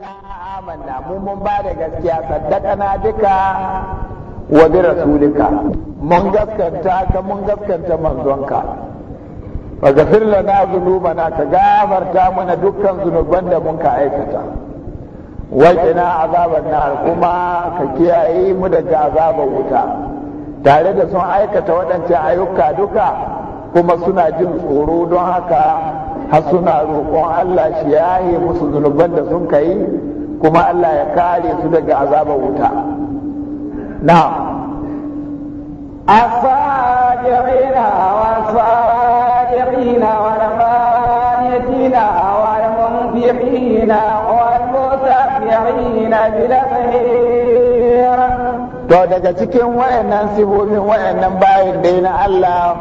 amanna mu mun ba da gaskiya saddaqana duka wa bi rasulika mun gaskanta ka mun gaskanta manzonka wa ghafir lana dhunubana ka gafarta mana dukkan zunuban da mun ka aikata wa qina azaban nar kuma ka kiyaye mu daga azabar wuta tare da sun aikata waɗancan ayyuka duka kuma suna jin tsoro don haka har suna roƙon Allah shi yaye musu zunuban da sun kai kuma Allah ya kare su daga azabar wuta na'am الصادقين to daga cikin wayannan sifofin wayannan bayin dai na Allah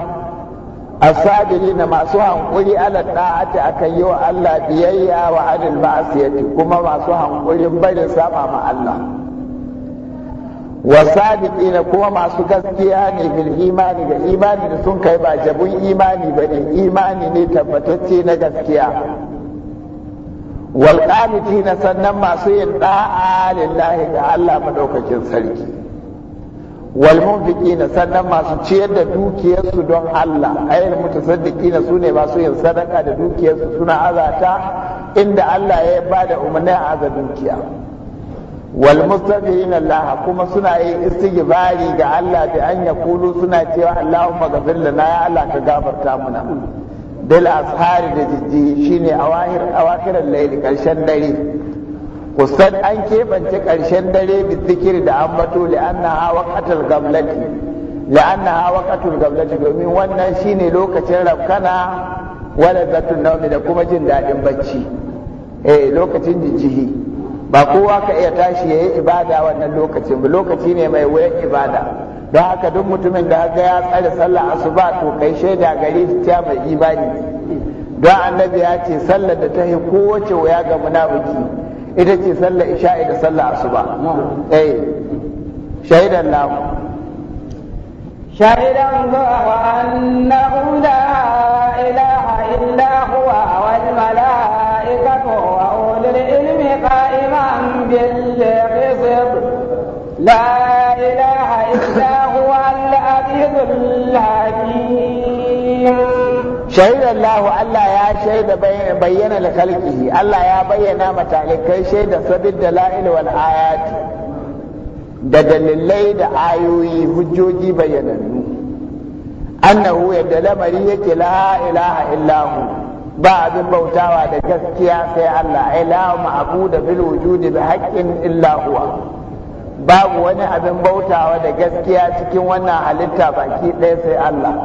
as na masu hankuri ala da'ati akan yi wa Allah biyayya wa adil ma'asiyati kuma masu hankuri barin saba ma Allah wasadiqina kuma masu gaskiya ne bil imani da imani da sun kai ba jabun imani ba ne imani ne tabbatacce na gaskiya wal na sannan masu yin da'a lillahi ga Allah madaukakin sarki والمنفقين sannan masu ciyar da dukiyarsu don Allah ayyul mutasaddiqina sune masu yin sadaka da dukiyarsu suna azata inda Allah ya ba da umarni a aza dukiya wal mustaghfirina Allah kuma suna yin istighfari ga Allah da an suna cewa Allahumma ghafir lana ya Allah ka gafarta mana dal ashari da jijji shine awahir awakiran layli karshen dare kusan an kebance ƙarshen dare bizikir da ambato ha waqatul gamlati ha waqatul gamlati domin wannan shine lokacin rabkana wala zatun naumi da kuma jin daɗin bacci eh lokacin jijjihi ba kowa ka iya tashi yayi ibada wannan lokacin ba lokaci ne mai wuyan ibada don haka duk mutumin da ga ya tsare sallah asuba to kai shaida gari ta mai imani don annabi ya ce sallar da ta yi kowace wuya ga munafiki ita ce sallar isha'i da sallar asuba eh shahidan na shahidan wa annahu la ilaha illa huwa wal malaikatu wa ulul ilmi qa'iman bil qisd la ilaha illa huwa al-azizul hakim shahidar lahu Allah ya shaida bayyana da Allah ya bayyana kai shaida sabid da wal da dalilai da ayoyi hujjoji bayyanannu annahu yadda lamari yake la ilaha illahu ba abin bautawa da gaskiya sai Allah ilahu ma'budu bil wujudi bi haqqin illa huwa babu wani abin bautawa da gaskiya cikin wannan halitta baki ɗaya sai Allah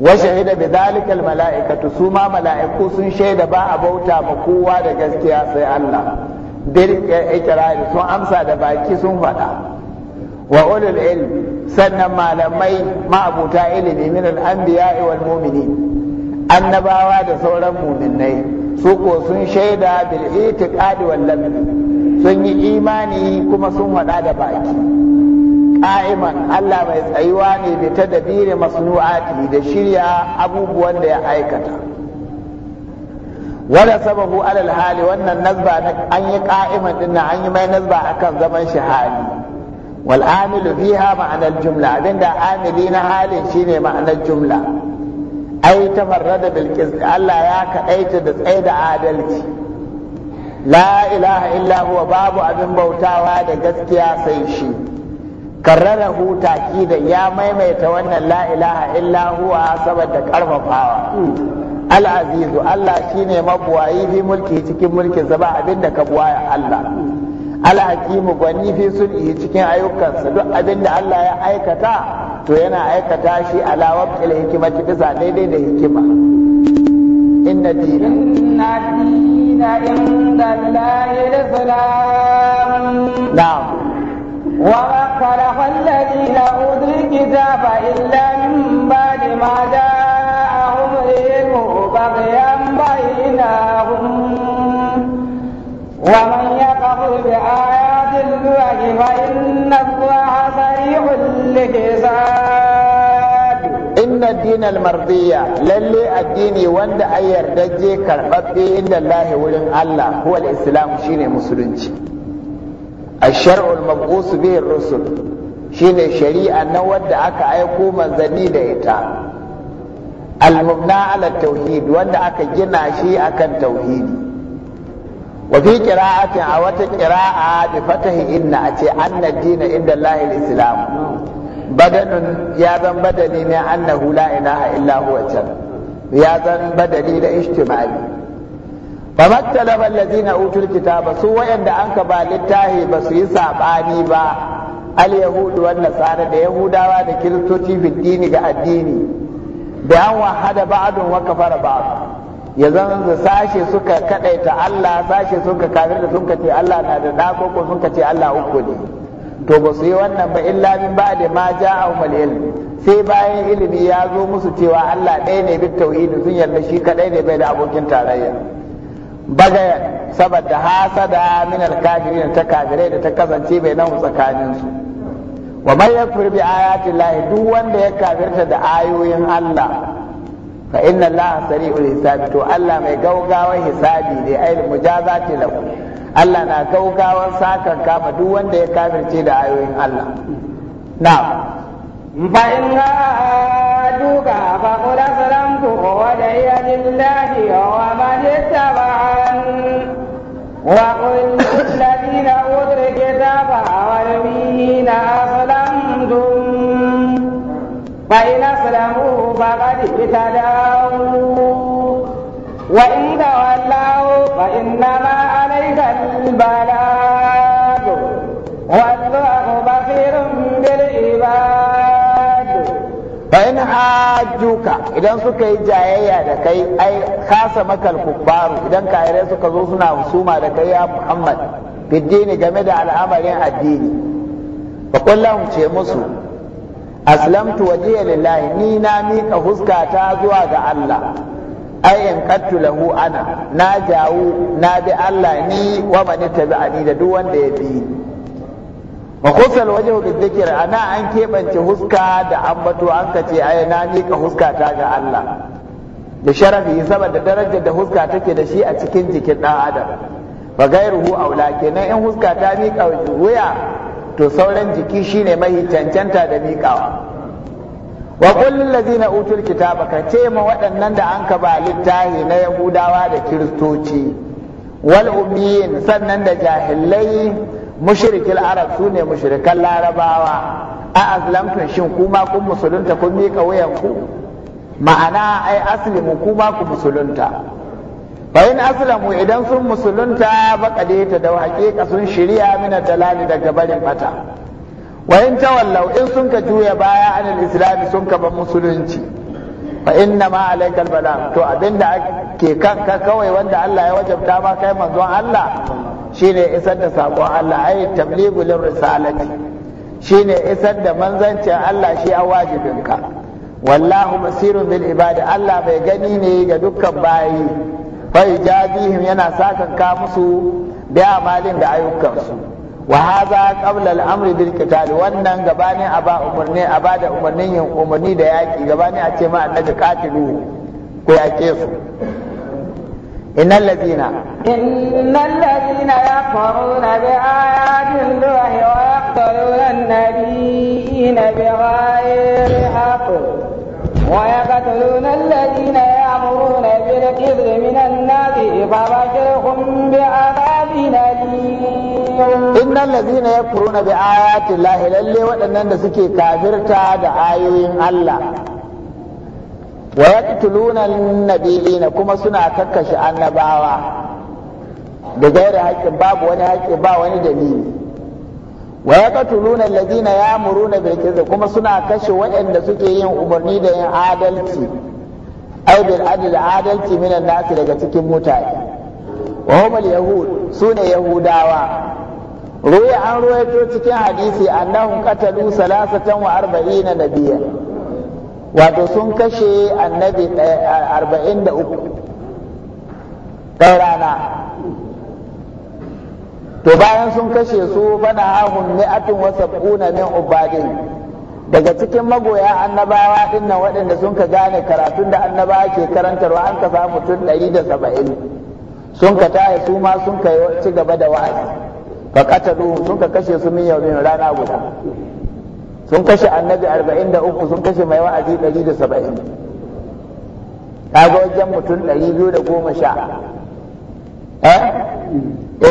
wa shahida bi zalika mala'ikatu su ma mala'iku sun shaida ba a bauta ba kowa da gaskiya sai Allah bil ikrari sun amsa da baki sun faɗa wa ulul ilm sannan malamai ma'abuta ilimi min al anbiya'i wal mu'minin annabawa da sauran mu'minai su ko sun shaida bil itiqadi sun yi imani kuma sun faɗa da baki ƙa'iman Allah mai tsayuwa ne bi ta dabiri masnu'ati da shirya abubuwan da ya aikata wala sabahu alal hali wannan nazba an yi ka'iman din an yi mai nazba akan zaman shi hali wal amilu fiha ma'anar jumla abinda amili na halin shine ma'anar jumla ai tafarrada bil Allah ya kaɗaita da da adalci la ilaha illa huwa babu abin bautawa da gaskiya sai shi karrarahu da ya maimaita wannan la ilaha illa huwa saboda karfafawa alazizu Allah shine mabuwayi fi mulki cikin mulkin sa ba da ka buwaya Allah al-hakimu gwani fi sulhi cikin ayyukansa duk abinda Allah ya aikata to yana aikata shi ala waqtil hikimati bisa daidai da hikima inna dina inna dina inda lillahi al-islam na'am وما خلق الذين أوتوا الكتاب إلا من بعد ما جاءهم العلم بغيا بينهم ومن يكفر بآيات الله فإن الله سريع الحساب إن الدين المرضية للي الديني وند أي دجي كالحبي إن الله ولن الله هو الإسلام شيني مسلمين ashar'ul المبعوث به الرسل shine shari'a na wanda aka aiko manzanni da ita al-mubna ala tauhid wanda aka gina shi akan tauhidi wa fi a wata qira'a bi fatahi inna ace anna dina inda Allah al-islam badanun ya zan badali ne annahu la ilaha illa huwa ya zan badali da ijtimai fama talaba lazina utul kitaba su wayanda an ka ba littahi ba su yi sabani ba al yahudu wan nasara da yahudawa da kiristoci fi dini ga addini da an wahada ba'dun wa kafara ba'd ya zan da sashe suka kadaita Allah sashe suka kafir da suka ce Allah na da da ko suka ce Allah uku ne to ba su yi wannan ba illa min ba'di ma ja'ahum al ilm sai bayan ilimi ya zo musu cewa Allah ɗaya ne bi tauhidi sun yarda shi kadai ne bai da abokin tarayya bagaya saboda hasada min alkafirin ta kafirai da ta kasance bai nan tsakanin su wa man yakfur bi ayati llahi duk wanda ya kafirta da ayoyin Allah fa inna allaha sari'ul hisabi to Allah mai gaugawar hisabi ne ai mujazati lahu Allah na gaugawar sakan kama duk wanda ya kafirce da ayoyin Allah na'am فإن عادوك فقل أسلمت وجهي لله ومن اتبعن وقل للذين أوتوا الكتاب والنبيين أسلمتم فإن أسلموا فقد اهتدوا وإن تولوا فإنما عليك البلاغ والله بصير بالعباد fa in hajjuka idan suka yi jayayya da kai ai kasa makal kubbaru idan kafirai suka zo suna musuma da kai ya Muhammad biddini game da al'amarin addini fa kullahum ce musu aslamtu wajhiya lillahi ni na mika huskata zuwa ga Allah ai in qattu ana na jawu na bi Allah ni wa man tabi'ani da duk wanda ya bi wa wajen waje bi ana an keɓance huska da ambato an kace ai na nika huska ta ga Allah da sharafi saboda darajar da huska take da shi a cikin jikin ɗan adam ba gairuhu aula kenan in huska ta mika wuya to sauran jiki shine mahi cancanta da miƙawa wa kullun ladina utul kitaba ka ce ma waɗannan da an ka ba littahi na yahudawa da kiristoci wal ummiyin sannan da jahilai mushrikil arab sune ne mushrikan larabawa a aslamtun shin kuma kun musulunta kun miƙa ku? ma'ana ai aslimu kuma ku musulunta bayan aslamu idan sun musulunta baƙade ta da haƙiƙa sun shirya mina dalali daga barin bata wayan tawallau in sun ka juya baya anan islami sun ka ba musulunci fa inna ma alaikal bala to abinda ke kanka kawai wanda Allah ya wajabta ma kai manzon Allah shine isar da saƙon Allah ai tabligu lir risalati shine isar da manzancin Allah shi a wajibinka wallahu basirun bil ibadi Allah bai gani ne ga dukkan bayi bai jazihim yana sakan ka musu da amalin da ayyukansu wa hadha qabla al amri bil qital wannan gabanin aba umarni aba da umarnin yin umarni da yaki gabani a ce ma annabi qatilu ko yake su إن الذين إن الذين يكفرون بآيات الله ويقتلون النبيين بغير حق ويقتلون الذين يأمرون بالكبر من الناس فبشرهم بعذاب أليم إن الذين يكفرون بآيات الله للي وأن سكي كافرتا دعايين الله wa yaqtuluna nabiyina kuma suna kakkashe annabawa da gaira haƙƙin babu wani haƙƙi ba wani dalili wa yaqtuluna alladhina ya'muruna bil qist kuma suna kashe waɗanda suke yin umarni da yin adalci ai bil adl adalci minan nasi daga cikin mutane wa hum al yahud sune yahudawa ruwa an ruwaito cikin hadisi annahum qatalu salasatan wa arba'ina nabiyyan wato sun kashe annabi arba'in da uku rana to bayan sun kashe su bana hahun mi'atun wa sab'una min ubadin daga cikin magoya annabawa dinnan waɗanda sun ka gane karatun da annabawa ke karantarwa an ka samu tun ɗari da saba'in sun ka taya su ma sun ka ci gaba da wa'azi fa duhun sun ka kashe su min yau rana guda sun kashe annabi arba'in da uku, sun kashe mai wa'azi da saba'in. Ta ga wajen mutum biyu da goma sha. eh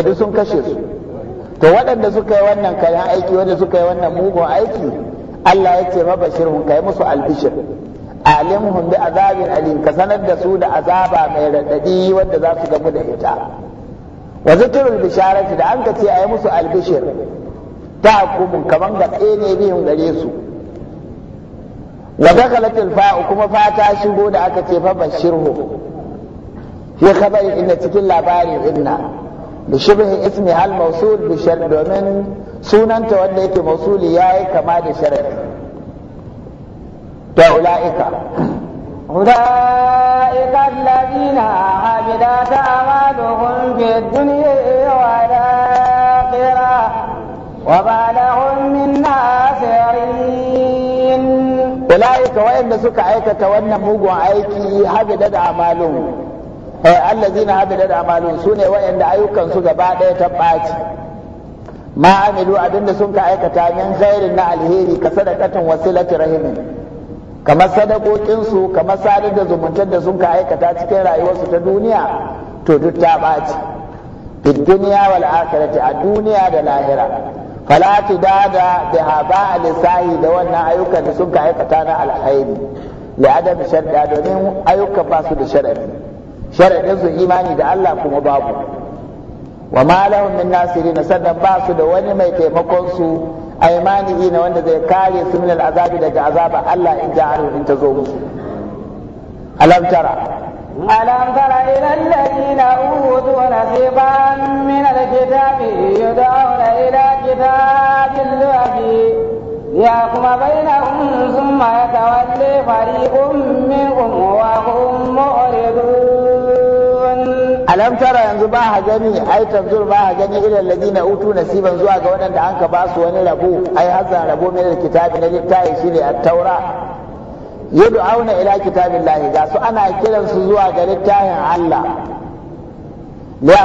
duk sun kashe su to waɗanda suka yi wannan kayan aiki wanda suka yi wannan mugun aiki Allah ya ce hun kai musu albishir hun bi azabin alim ka sanar da su da azaba mai raɗaɗi wanda za su gamu da ita wa zikirul bisharati da an ka ce ayi musu albishir ta kumun kaman ga ɗaya ne biyun gare su wa dakalatil fa'u kuma fata shigo da aka ce fa bashirhu fi khabari inda cikin labarin inna bi shibhi ismi hal mawsul bi domin sunanta wanda yake mausuli yayi kama da sharadi ta ulaika ulaika alladhina habidat amaluhum fid dunya وما لهم من ناصرين أولئك وإن سك أيك تولى موجو أيكي هبدت أعمالهم الذين هبدت أعمالهم سنة وإن أيوكا سك بعد تبعت ما عملوا أبن سنك أيك تامين خير إن الهيري كصدقة وسيلة رحمين kamar sadakokinsu kamar sadar da zumuntar da sun ka aikata cikin rayuwarsu ta duniya to duk ta ɓaci duniya wal akhirati a duniya da lahira fala dada da haba lisahi da wannan ayyukan da sun ka aikata na alkhairi li adam sharda domin ayyukan ba su da sharadi sharadin su imani da Allah kuma babu wa ma lahum min nasirin sannan ba su da wani mai taimakon su aimani ina wanda zai kare su min azabi daga azaba Allah in ja'alu in tazo musu alam tara ألم تر إلى الذين أوتوا نصيبا من الكتاب يدعون إلى كتاب الله ليحكم بينهم ثم يتولي فريق منهم وهم معرضون ألم ترى أن زباها جني أي تنظر باها جني إلى الذين أوتوا نصيبا زواج قولا أنك باس ونلبو أي هذا نبو من الكتاب نجد تاي التوراة yad'auna ila kitabillahi ga su ana kiransu zuwa ga littafin Allah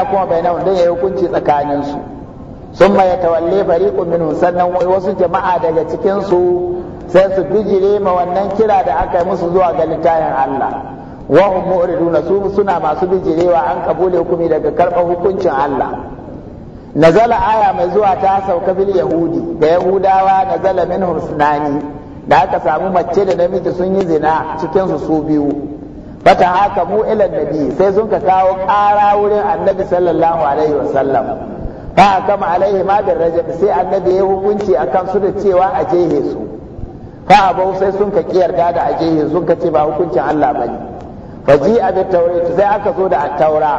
a kuma bainahum dan yayi hukunci tsakanin su ya tawalle fariqun minhum sannan wasu jama'a daga cikin su sai su bijire ma wannan kira da aka yi musu zuwa ga littafin Allah wa hum mu'riduna su suna masu bijirewa an kabule hukumi daga karɓar hukuncin Allah nazala aya mai zuwa ta sauka bil yahudi da yahudawa nazala minhum sunani da aka samu mace da namiji sun yi zina cikin su su biyu bata haka mu ilan nabi sai sun ka kawo ƙara wurin annabi sallallahu alaihi wasallam fa kama alaihi ma bin rajab sai annabi ya hukunci akan su da cewa a jehe su fa abau sai sun ka kiyarda da a jehe sun ka ce ba hukuncin Allah bane fa ji abin taurat sai aka zo da taura.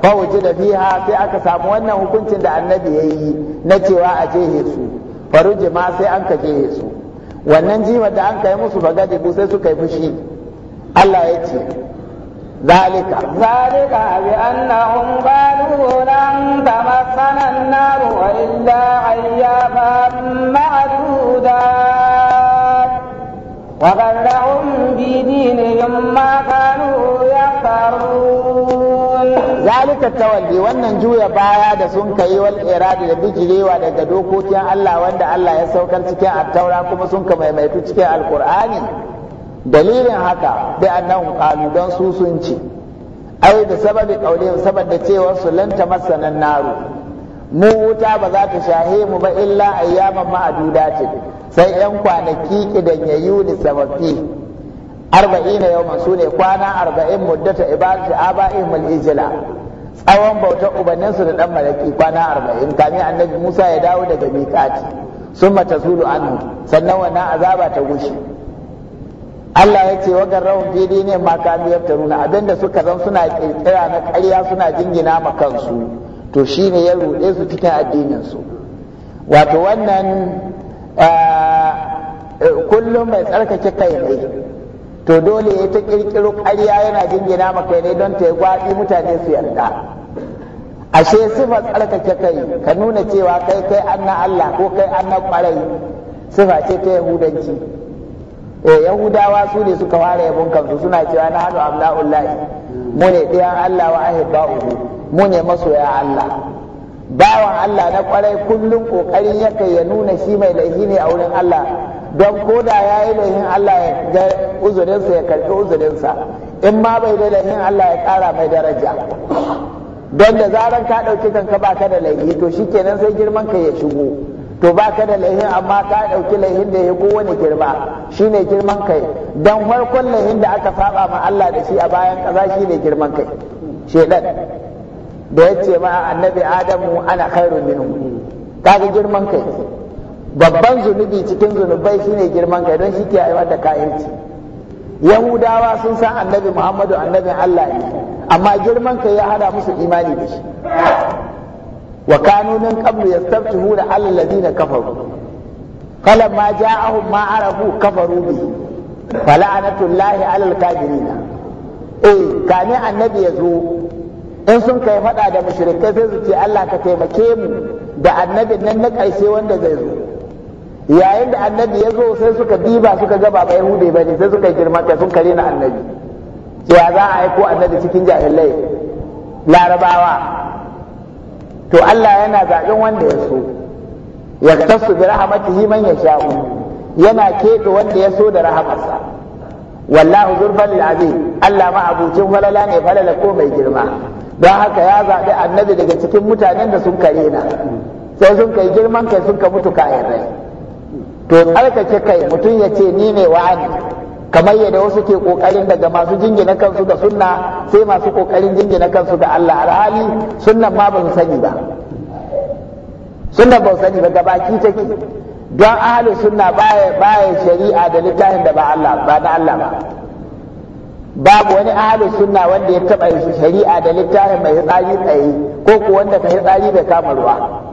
fa wuce da fiha sai aka samu wannan hukuncin da annabi yayi na cewa a jehe su faruji ma sai an ka jehe su wannan jimar da an kai musu bagade ko sai suka yi fushi Allah ya ce ذلك ذلك بأنهم قالوا لن تمسنا النار إلا أياما معدودات وقد لهم في دينهم ما كانوا يفترون zalika tawalli wannan juya baya da sun kai wal iradi da bijirewa daga dokokin Allah wanda Allah ya saukar cikin attaura kuma sun ka maimaitu cikin alqur'ani dalilin haka bi annahu qalu dan su sun ci. ai da sababi kaulin saboda cewa su lanta masanan naru mu wuta ba za ta shahe mu ba illa ayyaman ma'adudatin sai yan kwanaki kidan yayu da sababi arba'ina yawman su ne kwana arba'in muddata ibadati aba'in al-ijla tsawon bautar ubanninsu da dan malaki kwana arba'in kami annabi Musa ya dawo daga mikati sun mata zulu sannan wannan azaba ta gushi Allah ya ce wagar rawan fili ne ma kami taruna abinda suka zan suna kirkira na karya suna jingina ma kansu to shine ya ruɗe su cikin addinin su wato wannan ah, eh, kullum mai tsarkake kai ne to dole ya ta kirkiro ƙarya yana jingina maka ne don ta yi gwaɗi mutane su yarda ashe sifa tsarkake kai ka nuna cewa kai kai an na Allah ko kai an na ƙwarai sifa ce ta yahudanci eh yahudawa su ne suka fara yabon kansu suna cewa na hannu Abdullahi, mu ne ɗayan Allah wa ahibba'uhu mu ne masoya Allah bawan Allah na ƙwarai kullum ƙoƙarin yaka ya nuna shi mai laifi ne a wurin Allah don ko da ya yi laihin Allah ya ga uzurinsa ya karɓi uzurinsa in ma bai da laihin Allah ya ƙara mai daraja don da zaran ka ɗauki kanka ba ka da laihi to shi kenan sai girman ka ya shigo to ba ka da laihin amma ka ɗauki laihin da ya kowane girma shine girman kai don farkon laihin da aka saba ma Allah da shi a bayan ƙasa shine girman kai shedan da ya ce ma annabi adamu ana khairu minhu kaga girman kai babban zunubi cikin zunubai shine girman kai don shi ke haifar da kayanci yahudawa sun san annabi muhammadu annabin allah ne amma girman kai ya hada musu imani da shi wa kanu min qablu yastafihuna alal ladina kafaru ma ja'ahum ma arafu kafaru bi fala'anatullahi alal kafirina eh kane annabi ya zo in sun kai fada da mushrikai sai su ce Allah ka taimake mu da annabin nan na karshe wanda zai zo yayin da annabi ya zo sai suka diba suka ga ba yahude ba ne sai suka girma kai sun kare na annabi ya za a aiko annabi cikin jahilai larabawa to Allah yana zaɓen wanda ya so ya tasu bi rahmatihi man yasha'u yana keɓe wanda ya so da rahamarsa wallahu zurfal azim Allah ma abucin falala ne falala ko mai girma don haka ya zaɓi annabi daga cikin mutanen da sun kare na sai sun kai girman kai sun ka mutu ka rai to tsarkake kai mutum ya ce ni ne wa'ani kamar yadda wasu ke kokarin daga masu jingina kansu da sunna sai masu kokarin jingina kansu da Allah alhali sunnan ma ba su sani ba sunnan ba su sani ba baki take don ahalin sunna baya baya shari'a da littafin da ba Allah ba da Allah ba babu wani ahalin sunna wanda ya taba shari'a da littafin mai tsari tsaye ko ko wanda ka tsari bai kama ruwa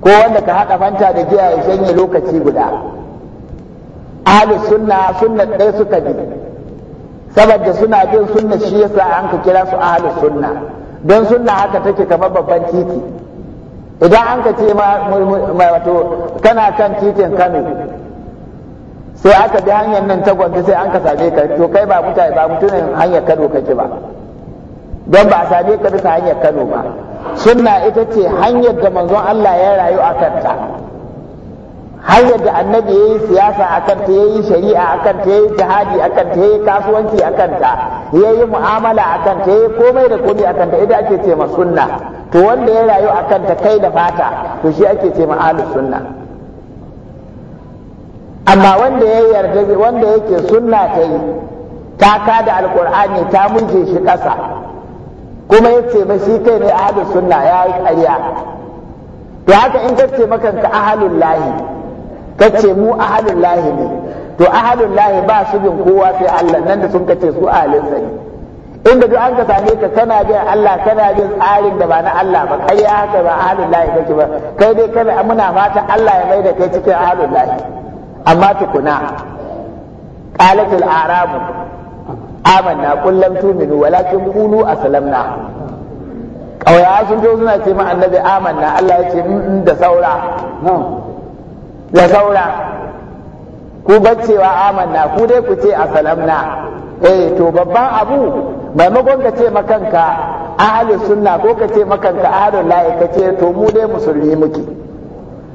ko wanda ka haɗa fanta da giya ya shanye lokaci guda ahli sunna sunna ɗaya suka bi saboda suna bin sunna shi yasa an ka kira su ahli sunna don sunna haka take kamar babban titi idan an ka ce ma wato kana kan titin kano sai aka bi hanyar nan ta gwamnati sai an ka same ka to kai ba mutane ba mutumin hanyar kano kake ba don ba a same ka bisa hanyar kano ba sunna ita ce hanyar da manzon Allah ya rayu a kanta hanyar da annabi ya yi siyasa a kanta ya yi shari'a a kanta ya yi jihadi a kanta ya yi kasuwanci a kanta ya yi mu'amala a kanta ya yi komai da komai a kanta ita ake ce ma sunna to wanda ya rayu a kanta kai da fata to shi ake ce ma ahlus sunna amma wanda ya yarda wanda yake sunna ta yi ta kada alkur'ani ta mulke shi ƙasa kuma ya ce shi kai ne ahalus sunna ya yi ƙarya to haka in kace makan ka ahalul lahi kace mu ahalul lahi ne to ahalul lahi ba su bin kowa sai Allah nan da sun kace su ahalin sa ne inda duk an ka same ka kana bin Allah kana bin tsarin da ba na Allah ba ƙarya haka ba ahalul lahi kake ba kai dai kana muna fata Allah ya mai da kai cikin ahalul lahi amma tukuna qalatul arabu amanna kullum tuminu walakin kulu aslamna kauya sun zo suna ce ma annabi amanna Allah ya ce in mm, mm, da saura da saura ku baccewa amanna ku dai ku ce aslamna eh to babban abu maimakon ka ce makanka ahli sunna ko ka ce makanka ahli lahi ka ce to mu dai musulmi muke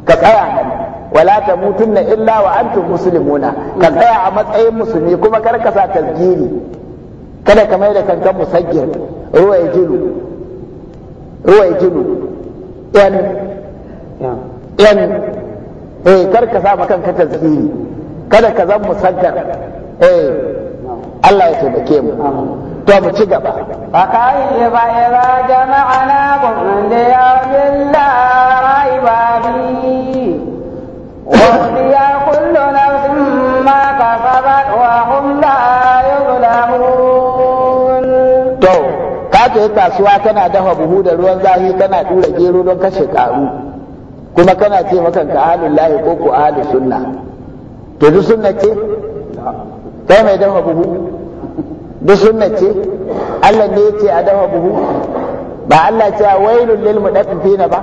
ka tsaya nan wala mutunna illa wa antum muslimuna ka tsaya a matsayin musulmi kuma kar ka sa tasgiri kada ka mai da kankan musajjir ruwa ya jilu ruwa ya jilu yan yan eh kar ka sa maka kanka tasiri kada ka zan musajjar eh Allah ya taimake mu to mu ci gaba fa kai ba ya jama'ana kun da ya billahi raiba bi wa ya kullu nafsin ma kasabat wa hum ka ta yi kasuwa tana dafa buhu da ruwan zafi tana dura gero don kashe karu kuma kana ce makan ka Alillahi ko ku ahli sunna to duk sunna ce kai mai dafa buhu duk sunna ce Allah ne yace a dafa buhu ba Allah ce wailul lil mudaffifina ba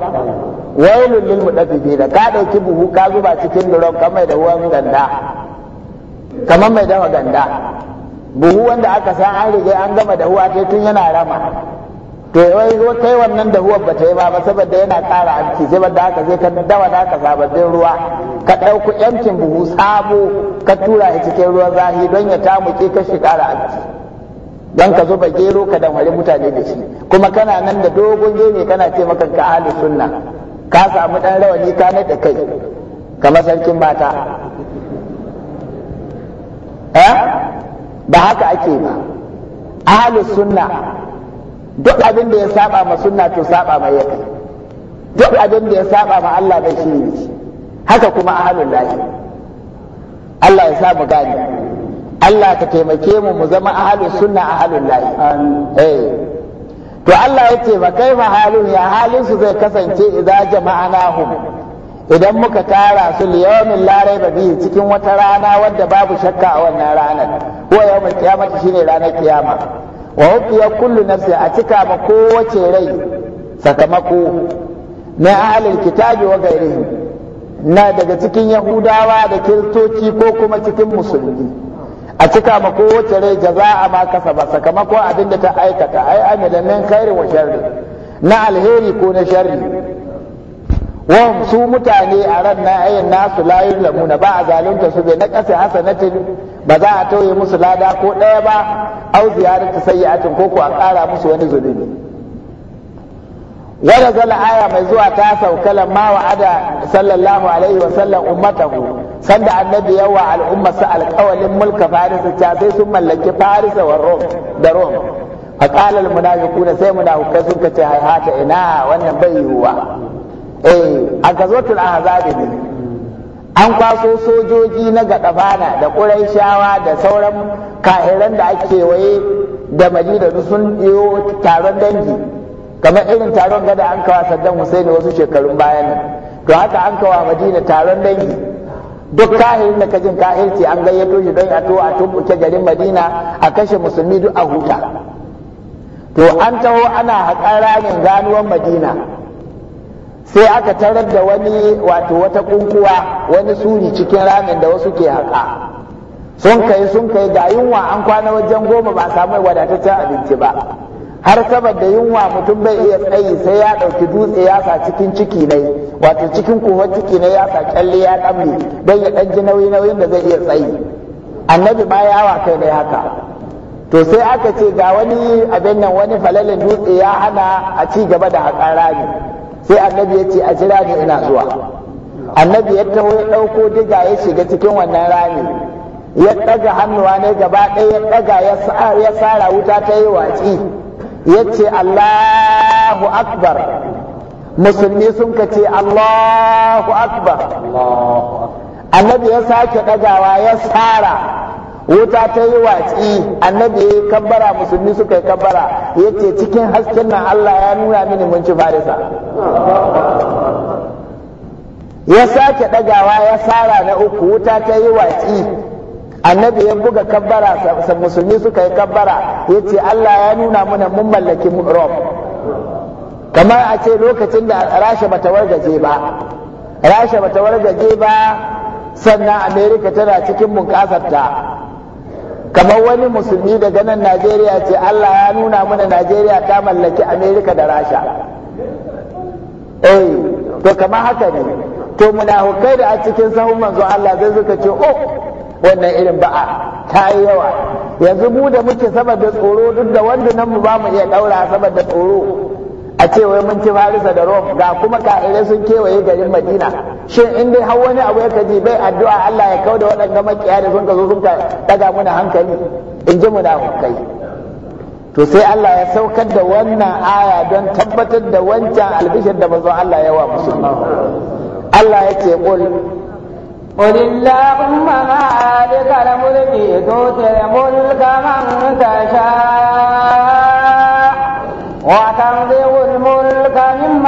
wailul lil mudaffifina ka dauki buhu ka zuba cikin duron kamar da ruwan ganda kamar mai dafa ganda buhu wanda aka san an riga an gama dahuwa sai tun yana rama to wai kai wannan dahuwar ba ta yi ba saboda yana ƙara amci sai banda aka sai ka dawa da haka sababbin ruwa ka ɗauko yankin buhu sabo ka tura shi cikin ruwan zahi don ya tamuke ka shi ƙara amci don ka zuba gero ka damari mutane da shi kuma kana nan da dogon gene kana ce maka ka ahli sunna ka samu ɗan rawani ka da kai kamar sarkin mata eh ba haka ake ba ahalus sunna duk abin da ya saba ma sunna to saba ma yake duk abin da ya saba ma Allah da shi ne haka kuma ahalul lahi Allah ya sa mu gane Allah ka taimake mu mu zama ahalus sunna ahalul lahi eh to Allah ya ce ba kai halin ya halin su zai kasance idza jama'anahum idan muka tara su liyamin larai ba biyu cikin wata rana wadda babu shakka a wannan ranar wa yau mai shi ne ranar kiyama wa hukiya kullu nafsi a cika ma kowace rai sakamako na ahlul kitabi wa gairihi na daga cikin yahudawa da kiristoci ko kuma cikin musulmi a cika ma kowace rai a ma kasa ba sakamakon abin da ta aikata ai amilan min khairi wa sharri na alheri ko na sharri wahum su mutane a ran na ayin nasu layin lamuna ba a zalunta su bai na ƙasa hasanatin ba za a tauye musu lada ko ɗaya ba au ziyarata sayyatin ko ko a ƙara musu wani zunubi wanda zala aya mai zuwa ta saukala ma wa'ada sallallahu alaihi wa sallam ummatahu sanda annabi yawa al'umma sa alƙawalin mulka farisa ta sai sun mallaki farisawa wa rom da rom fa qala al munafiquna sai munafiqai suka ce hayata ina wannan bai yiwuwa eh a gazotul ahzabi ne an kwaso sojoji na gadabana da ƙuraishawa da sauran kahiran da ake waye da madina da sun iyo taron dangi kamar irin taron gada an kawa saddam hussein wasu shekarun bayan to haka an kawa madina taron dangi duk kahirin da kajin kahirci an gayyato shi don a a tumbuke garin madina a kashe musulmi duk a huta to an taho ana haƙar ramin ganuwan madina sai aka tarar da wani wato wata kunkuwa wani suri cikin ramin da wasu ke haka. sun kai sun kai ga yunwa an kwana wajen goma ba samu wadataccen abinci ba har saboda yunwa mutum bai iya tsayi sai ya ɗauki dutse ya sa cikin ciki ne wato cikin kuwa ciki ne ya sa kyalle ya ɗamle don ya ɗan ji nauyi nauyin da zai iya tsayi annabi ba ya wa kai ne haka to sai aka ce ga wani abin nan wani falalin dutse ya hana a ci gaba da haƙa rami sai annabi ya ce a jira ni ina zuwa annabi ya taho ya ɗauko diga ya shiga cikin wannan rami ya ɗaga hannuwa ne gaba ɗaya ya ɗaga ya sara wuta ta yi watsi ya ce allahu akbar musulmi sun ka ce allahu akbar annabi ya sake ɗagawa ya sara wuta ta yi watsi annabi ya kabbara musulmi suka yi kabbara ce cikin hasken nan Allah ya nuna mini mun ci farisa ya sake dagawa ya sara na uku wuta ta yi watsi annabi ya buga kabbara sa musulmi suka yi kabbara ce Allah ya nuna mana mun mallaki rob kamar a ce lokacin da rasha bata wargaje ba rasha bata wargaje ba sannan amerika tana cikin bunƙasarta kamar wani musulmi daga nan najeriya ce allah ya nuna mana najeriya ta mallaki amerika da rasha eh to kamar haka ne to munafukai da a cikin sahun manzo allah zai suka ce oh wannan irin ba'a ta yi yawa yanzu mu da muke saboda tsoro duk da wanda nan mu ba mu iya daura saboda tsoro a ce wai mun ci Farisa da Rome ga kuma kafirai sun kewaye garin Madina shin in dai har wani abu ya kaji bai addu'a Allah ya kauda waɗanda makiya da sun ka zo sun ka daga muna hankali in ji kai to sai Allah ya saukar da wannan aya don tabbatar da wancan albishir da mazan Allah ya wa musulma Allah ya ce qul قل اللهم مالك الملك تؤتي الملك من تشاء وتنزع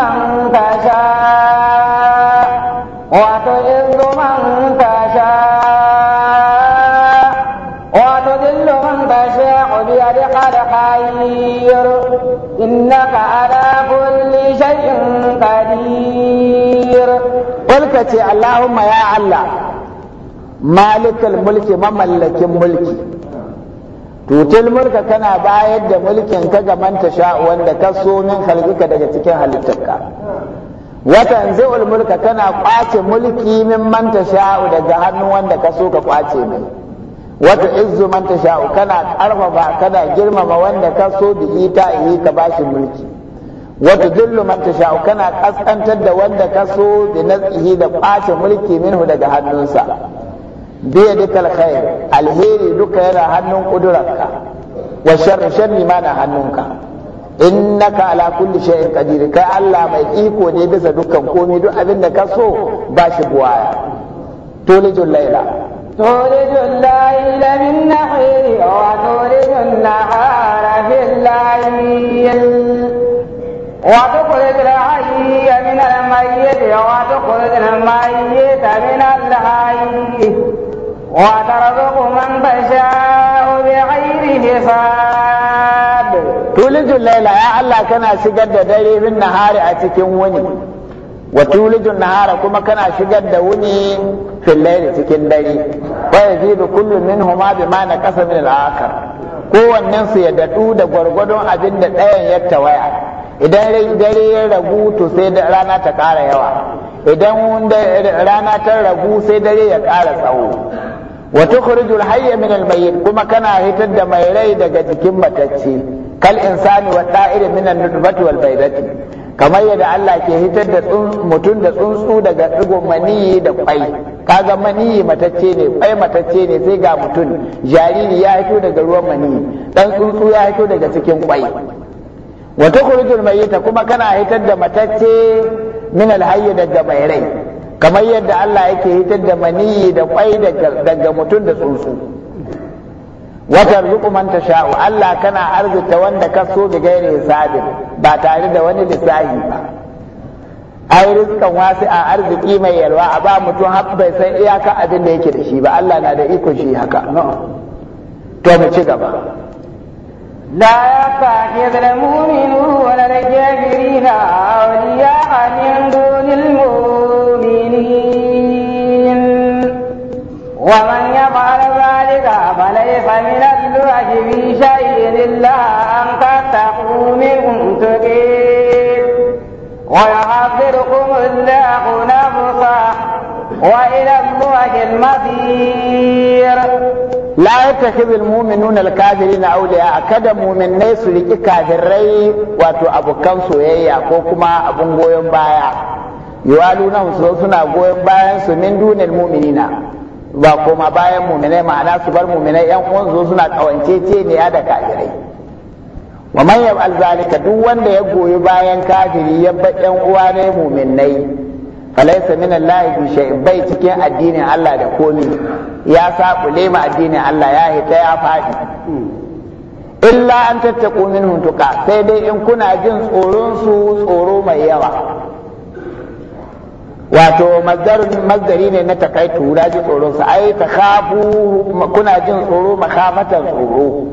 من تشاء وتعز من تشاء وتذل من تشاء بيدك الخير إنك على كل شيء قدير قلت اللهم يا الله مالك الملك مملك الملك tutil mulka kana bayar da mulkin ka ga manta sha wanda ka so min halgika daga cikin halittarka watan zai'ul mulka kana kwace mulki min manta sha'u daga hannun wanda ka so ka kwace mai wata izzu manta sha'u kana karfafa kana girmama wanda ka so bi ita yi ka bashi mulki wata dillu manta sha'u kana kaskantar da wanda ka so bi nazihi da kwace mulki minhu daga hannunsa biya da khair alheri duka yana hannun kudurarka wa sharri sharri ma na hannunka innaka ala kulli shay'in qadir kai Allah mai iko ne bisa dukkan komai duk abin da ka so ba shi buwaya tulijul laila tulijul laila min nahari wa tulijul nahara fil layl wa tukhrijul hayya min al mayyit wa tukhrijul mayyita min al hayy وترزق من تشاء بغير حساب تولج الليل يا الله كنا سجد دري بالنهار أتكن وني وتولج النهار كما كنا سجد وني في الليل تكن دري ويزيد كل منهما بما نقص من الآخر kowannen su ya daɗu da gwargwadon abin da ɗayan ya tawaya idan dare ya ragu to sai rana ta ƙara yawa idan rana ta ragu sai dare ya ƙara tsawo wa tukhrijul hayya min al kuma kana hitar da mai rai daga jikin matacce kal insani wa da'ir min an nutfati wal baydati kamar yadda Allah ke hitar da mutum da tsuntsu daga digon maniyi da kwai kaga maniyi matacce ne kwai matacce ne sai ga mutum jariri ya hito daga ruwan maniyi dan tsuntsu ya hito daga cikin kwai wa tukhrijul mayyita kuma kana hitar da matacce min al daga mai rai kamar yadda Allah yake hitar da maniyi da kwai daga mutum da tsuntsu wata man sha'u Allah kana arzuta wanda ka so da gaire hisabin ba tare da wani lissahi ba ai rizkan wasu a arziki mai yalwa a ba mutum har bai san iyaka abin da yake da shi ba Allah na da iko shi haka to mu ci gaba لا يخاف المؤمن ولا الكافرين أولياء من دون المؤمن ومن يفعل ذلك فليس من الدرج في شيء إلا أن تتقوا منهم تقيم ويحذركم الله نفسه وإلى الله المصير لا يتخذ المؤمنون الكافرين أولياء كذا مؤمنين سلك كافرين واتو أبو كان سويا كوكما أبو غوين بايا يوالونهم سلسنا غوين بايا سمين دون المؤمنين ba koma bayan muminai ma'ana su bar muminai yan suna ce ne ya da kafirai wa man yab'al zalika duk wanda ya goyi bayan kafiri ya bar yan uwa ne muminai falaisa min Allah bi shay'in bai cikin addinin Allah da komi ya sabule ma addinin Allah ya hita ya fadi illa an tattaqu minhum tuqa sai dai in kuna jin tsoron su tsoro mai yawa wato mazdari ne na takai tura ji tsoron sa ai kafu kuna jin tsoro makhamatan tsoro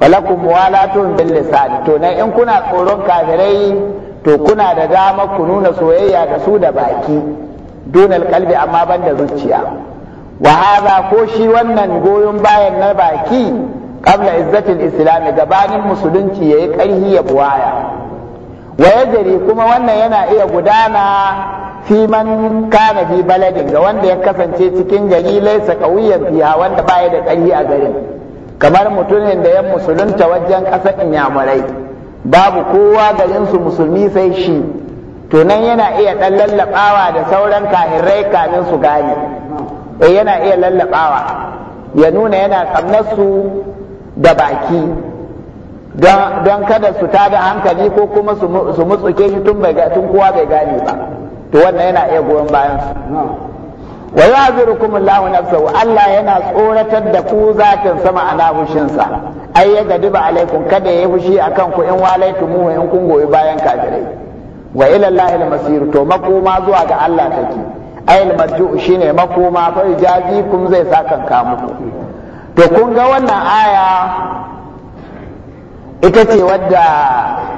walakum walatun bil lisan to nan in kuna tsoron kafirai to kuna da dama ku nuna soyayya da su da baki dunal kalbi amma ban da zuciya wa hadha ko shi wannan goyon bayan na baki qabla izzatil islam gabanin musulunci yayi karhi ya buwaya wa yajri kuma wannan yana iya gudana fi man kana fi baladin ga wanda ya kasance cikin gari laisa kauyen fiha wanda baya da tsayi a garin kamar mutumin da ya musulunta wajen ƙasar inyamurai babu kowa garin su musulmi sai shi to nan yana iya ɗan lallaɓawa da sauran kahirai kamin su gane eh yana iya lallaɓawa ya nuna yana ƙamnar su da baki don kada su tada hankali ko kuma su mutsuke shi tun kowa bai gane ba to wannan yana iya goyon bayan su wa ya'zirukum Allahu nafsahu Allah yana tsoratar da ku zatin sama ana hushin ai ya gadiba alaikum kada ya yi fushi akan ku in walaitumu in kun goyi bayan kafirai wa ila Allahi al to makoma zuwa ga Allah take ai al-marju shine makoma fa yajikum zai sakan ka muku to kun ga wannan aya ita ce wadda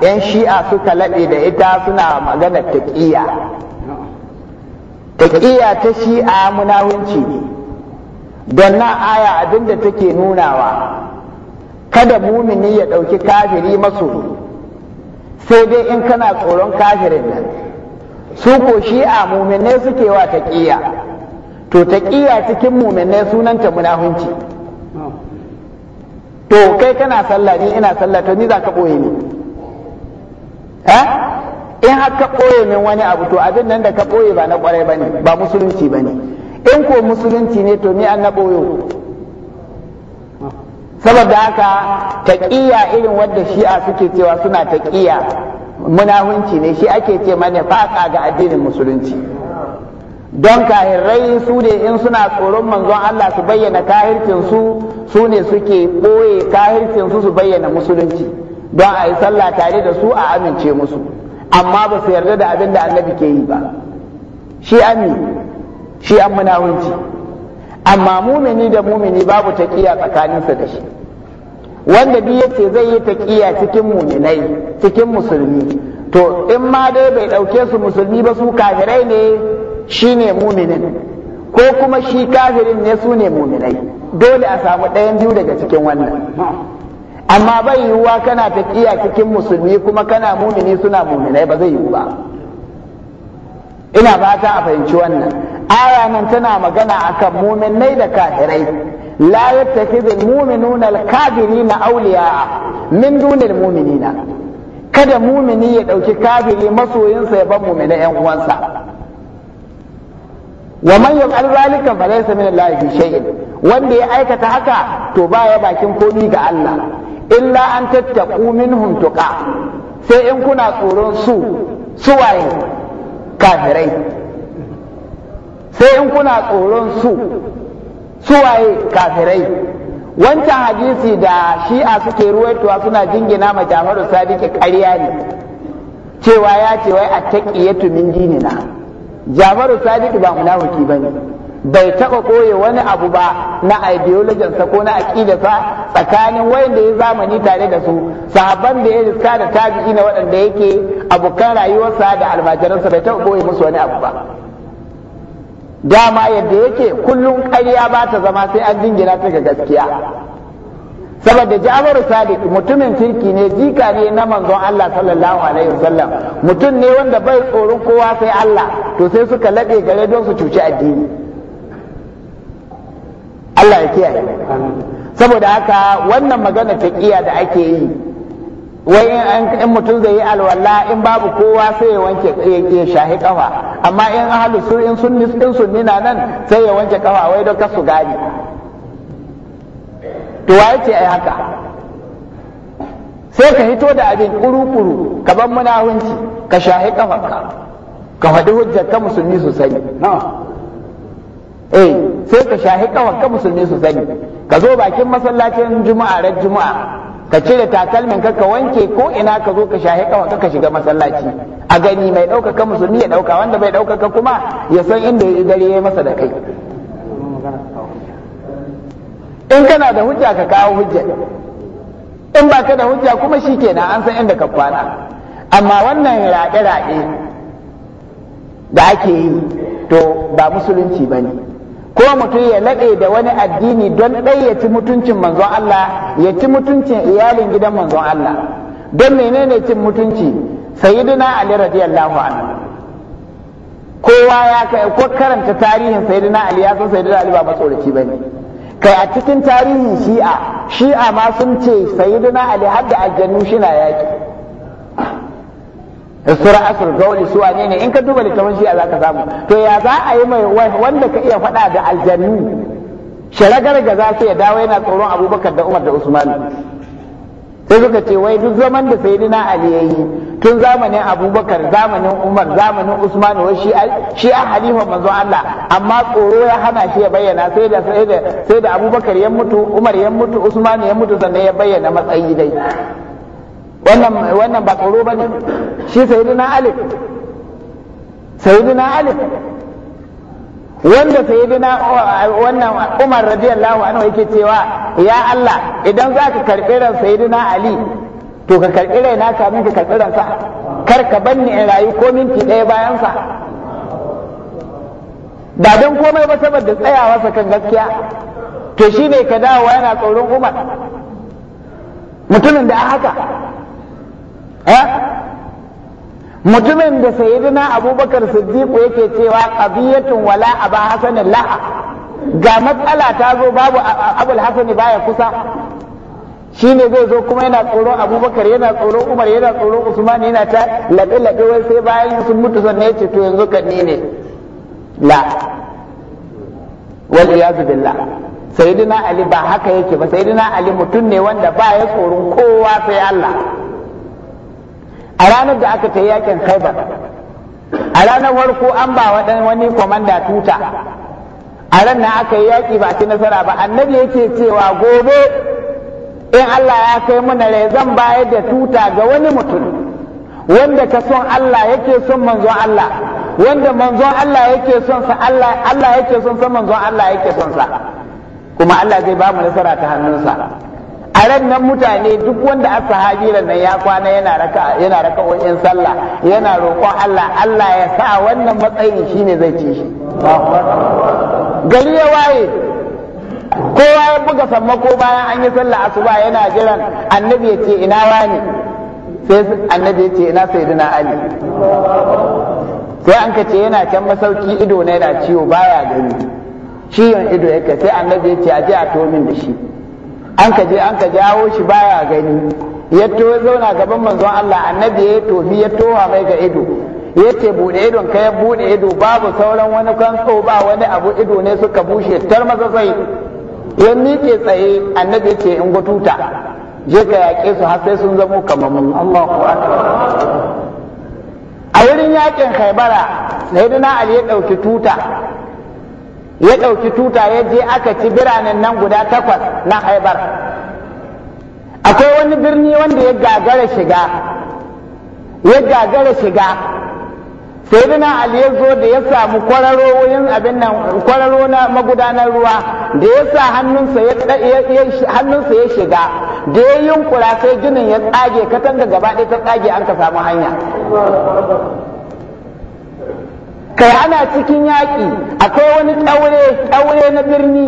'yan shi'a suka laɓe da ita suna maganar taƙiyya taƙiya ta shi'a a ne don na aya abin da take nunawa kada mumini ya ɗauki kafiri maso sai dai in kana tsoron kafirin nan su ko shi a muminai suke wa taƙiya to taƙiya cikin muminai sunanta munahunci to kai kana sallah ni ina sallah to ni za ka ɓoye ni eh? in ka ɓoye min wani abu to abin nan da ka ɓoye ba na kwarai ba ba musulunci ba in ko musulunci ne to ni an na ɓoyo saboda haka taƙiya irin wanda shi'a suke cewa suna taƙiya munahunci ne shi ake ce mana faƙa ga addinin musulunci don kahirrai su ne in suna tsoron manzon Allah su bayyana kahircinsu su ne suke ɓoye kahircinsu su bayyana musulunci don a yi sallah tare da su a amince musu. amma ba su yarda da abin da annabi ke yi ba shi ami shi an munawunci amma mumini da mumini babu taƙiya tsakaninsa da shi wanda duk yace zai yi taƙiya cikin muminai cikin musulmi to in ma dai bai ɗauke su musulmi ba su kafirai ne shi ne muminin ko kuma shi kafirin ne su ne muminai dole a samu ɗayan biyu daga cikin wannan amma bai yiwuwa kana tafiya cikin musulmi kuma kana mumini suna muminai ba zai yiwu ba ina fata a fahimci wannan aya nan tana magana akan muminai da kafirai la yattakhidhu muminuna al-kafirina awliya min al muminina kada mumini ya dauki kafiri masoyinsa ya bar mumina yan uwansa wa man yaf'al zalika falaysa min Allah shay'in wanda ya aikata haka to baya bakin komi ga Allah illa an tattaku minhum tuqa sai in kuna tsoron su suwaye kafirai sai in kuna tsoron su suwaye kafirai wancan hadisi da shi'a suke ruwaitowa suna jingina ma jafaru sadiki ƙarya ne cewa ya ce wai a taƙiyatu min dinina jafaru sadiki ba munafiki bane bai taɓa koye wani abu ba na ideologinsa ko na aƙidarsa tsakanin wayanda ya zamani tare da su sahabban da ya riska da tabi'i na waɗanda yake abokan rayuwarsa da almajiransa bai taɓa koye musu wani abu ba dama yadda yake kullum ƙarya ba ta zama sai an jingina ta ga gaskiya saboda Ja'far Sadiq mutumin kirki ne jika ne na manzon Allah sallallahu alaihi wasallam mutum ne wanda bai tsoron kowa sai Allah to sai suka laɗe gare don su cuci addini Allah ya kiyaye saboda haka wannan magana ta kiya da ake yi wai in mutum zai yi alwala in babu kowa sai ya wanke ya shahi kafa amma in ahlu sur in sunni in sunni na nan sai ya wanke kafa wai don kasu gani to waye ce ai haka sai ka hito da abin kuru-kuru ka bar munahunci ka shahi kafa ka faɗi hujjar ka musulmi su sani eh sai ka shahi kawan ka musulmi su sani ka zo bakin masallacin juma'a ran juma'a ka cire takalmin ka ka wanke ko ina ka zo ka shahi kawan ka shiga masallaci a gani mai ɗaukaka musulmi ya ɗauka wanda bai ɗaukaka kuma ya san inda ya dare ya masa da kai in kana da hujja ka kawo hujja in ba ka da hujja kuma shi kenan an san inda ka kwana amma wannan raɗe-raɗe da ake yi to ba musulunci ba ne ko mutum ya laɗe da wani addini don ɗai ya ci mutuncin manzon Allah ya ci mutuncin iyalin gidan manzon Allah don menene cin mutunci sayyidina Ali radiyallahu anhu kowa ya kai ko karanta tarihin sayyidina Ali ya san sayyidina Ali ba matsoraci bane kai a cikin tarihin shi'a shi'a ma sun ce sayyidina Ali hadda da aljannu shi na yaki sura'atul gauli su wane ne in ka duba littafin shi za ka samu to ya za a yi mai wanda ka iya faɗa da aljannu sharagar ga za su ya dawo yana tsoron abubakar da umar da usman sai suka ce wai duk zaman da sai na ali yayi tun zamanin abubakar zamanin umar zamanin usman wa shi a halifa manzo Allah amma tsoro ya hana shi ya bayyana sai da sai da sai da abubakar ya mutu umar ya mutu usman ya mutu sannan ya bayyana matsayi dai wannan wannan ba tsaro bane shi sayyidina alif sayyidina alif wanda sayyidina wannan umar radiyallahu anhu yake cewa ya Allah idan za ka karɓi ran sayyidina ali to ka karɓi rai na sami ka ran sa kar ka banni in rayu ko minti ɗaya bayan sa ba don komai ba saboda tsayawa sa kan gaskiya to shi ne ka dawo yana tsoron umar mutumin da haka Eh? mutumin da sayyidina abubakar siddiqu yake cewa qadiyatun wala ba hasanin la'a, ga matsala ta zo babu abul hasani baya kusa shi ne zai zo kuma yana tsoron abubakar yana tsoron umar yana tsoron usman yana ta laɓe laɓe wai sai bayan sun mutu sannan ya ce to yanzu kan ni ne la wal iyazu billah sayyidina ali ba haka yake ba sayyidina ali mutum ne wanda ba ya tsoron kowa sai Allah a ranar da aka ta yakin khaibar a ranar farko an ba wa wani komanda tuta a ran na aka yi yaƙi ba ci nasara ba annabi yake cewa gobe in Allah ya kai muna rai zan bayar da tuta ga wani mutum wanda ka son Allah yake son manzon Allah wanda manzon Allah yake son sa Allah Allah yake son sa manzon Allah yake son sa kuma Allah zai ba mu nasara ta hannunsa a rannan mutane duk wanda a sahabi nan ya kwana yana raka yana raka wajen sallah yana roƙon Allah Allah ya sa wannan matsayin shine zai ci shi gari ya waye kowa ya buga sammako bayan an yi sallah asuba yana jiran annabi ya ce ina wani sai annabi ya ce ina sayyidina ali sai an ka ce yana can masauki ido na yana ciwo baya gani ciwon ido yake sai annabi ya ce a je a tomin da shi an ka je an ka jawo shi baya gani ya to zauna gaban manzon Allah annabi ya tofi ya towa mai ga ido ya ce bude idon kai, ya bude ido babu sauran wani kan so, ba wani abu ido ne suka bushe tar maza sai ya miƙe tsaye annabi ya ce in gututa je ka yaƙe su har sai sun zamo kamar mun Allahu akbar a wurin yakin khaibara sayyidina ali ya ɗauki tuta ya ɗauki tuta ya je aka ci biranen nan guda takwas na haibar akwai wani birni wanda ya gagara shiga ya gagara shiga sai ali ya zo da ya samu kwararo abin nan kwararo na magudanar ruwa da ya sa hannunsa ya shiga da ya yunkura sai ginin ya tsage katanga gaba ɗaya ta tsage an ka samu hanya kai ana cikin yaƙi akwai wani ƙaure ƙaure na birni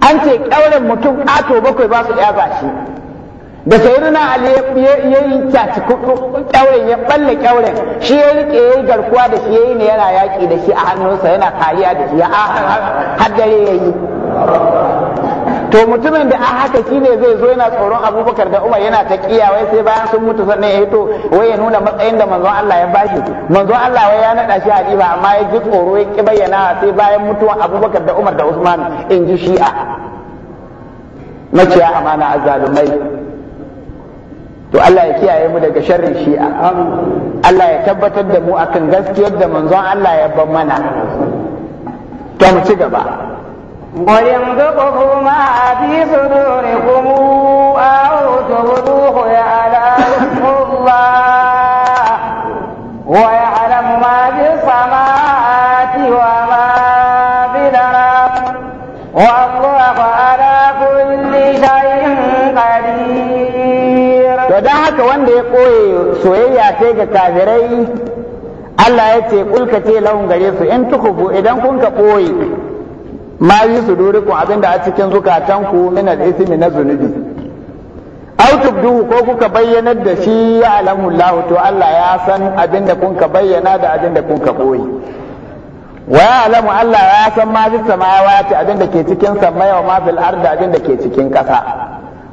an ce ƙauren mutum ƙato bakwai ba su ba shi da sayyidina ali ya yi caci ƙauren ya balle ƙauren shi ya riƙe ya yi garkuwa da shi ya yi ne yana yaƙi da shi a hannunsa yana kariya da shi ya har ya yi to mutumin da a haka shi ne zai zo yana tsoron abubakar da umar yana ta kiyawai sai bayan sun mutu sannan ya hito wai ya nuna matsayin da manzon Allah ya bashi manzon Allah wai ya nada shi halifa amma ya ji tsoro ya ki bayyana sai bayan mutuwan abubakar da umar da usman in ji shi'a maciya amana azalumai to Allah ya kiyaye mu daga sharrin shi'a Allah ya tabbatar da mu akan gaskiyar da manzon Allah ya bar mana to mu ci gaba قل في صدوركم أو تبدوه يعلم الله ويعلم ما في السماوات وما في الأرض والله على كل شيء قدير. To don haka wanda ya ɓoye soyayya ce ga kafirai Allah ya ce kulka ce lahun gare su in tukubu idan kun ka ɓoye ma yi sudurikum abinda a cikin zukatanku min al-ithmi na zunubi aw tubdu ko kuka bayyanar da shi ya alamu Allah to Allah ya san abinda kun ka bayyana da abinda kun ka koyi wa ya alamu Allah ya san ma fi samawati abinda ke cikin samai wa ma fil ardi abinda ke cikin kasa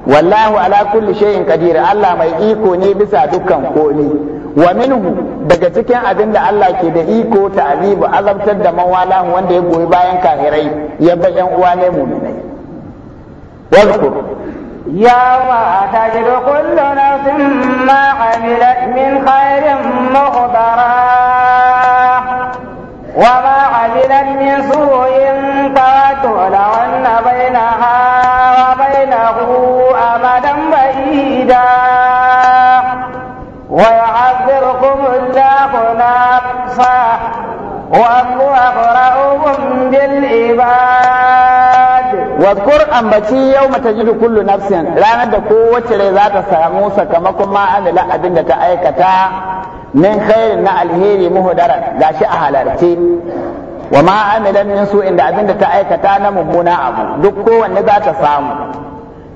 wallahu ala kulli shay'in qadir Allah mai iko ne bisa dukkan komi wa minhu daga cikin abin da Allah ke da iko ta'zibu azabtar da mawala wanda ya goyi bayan kafirai ya ba yan uwa ne mu'minai ya ba tajidu kullu nafsin ma amilat min khairin muhdara wa ma amilat min su'in tawatu law anna bainaha wa bainahu amadan ba'ida ويعذب يملق نفسه والله رؤوف بالعباد واذكر أن بشي يوم تجد كل نفس لا ندى قوة لذات ساموسة كما كما عمل أبنك أيكتا من خير na alheri muhudaran gashi a halarci, wa ma amilan min su inda abinda ta aikata na mummuna abu duk kowanne za ta samu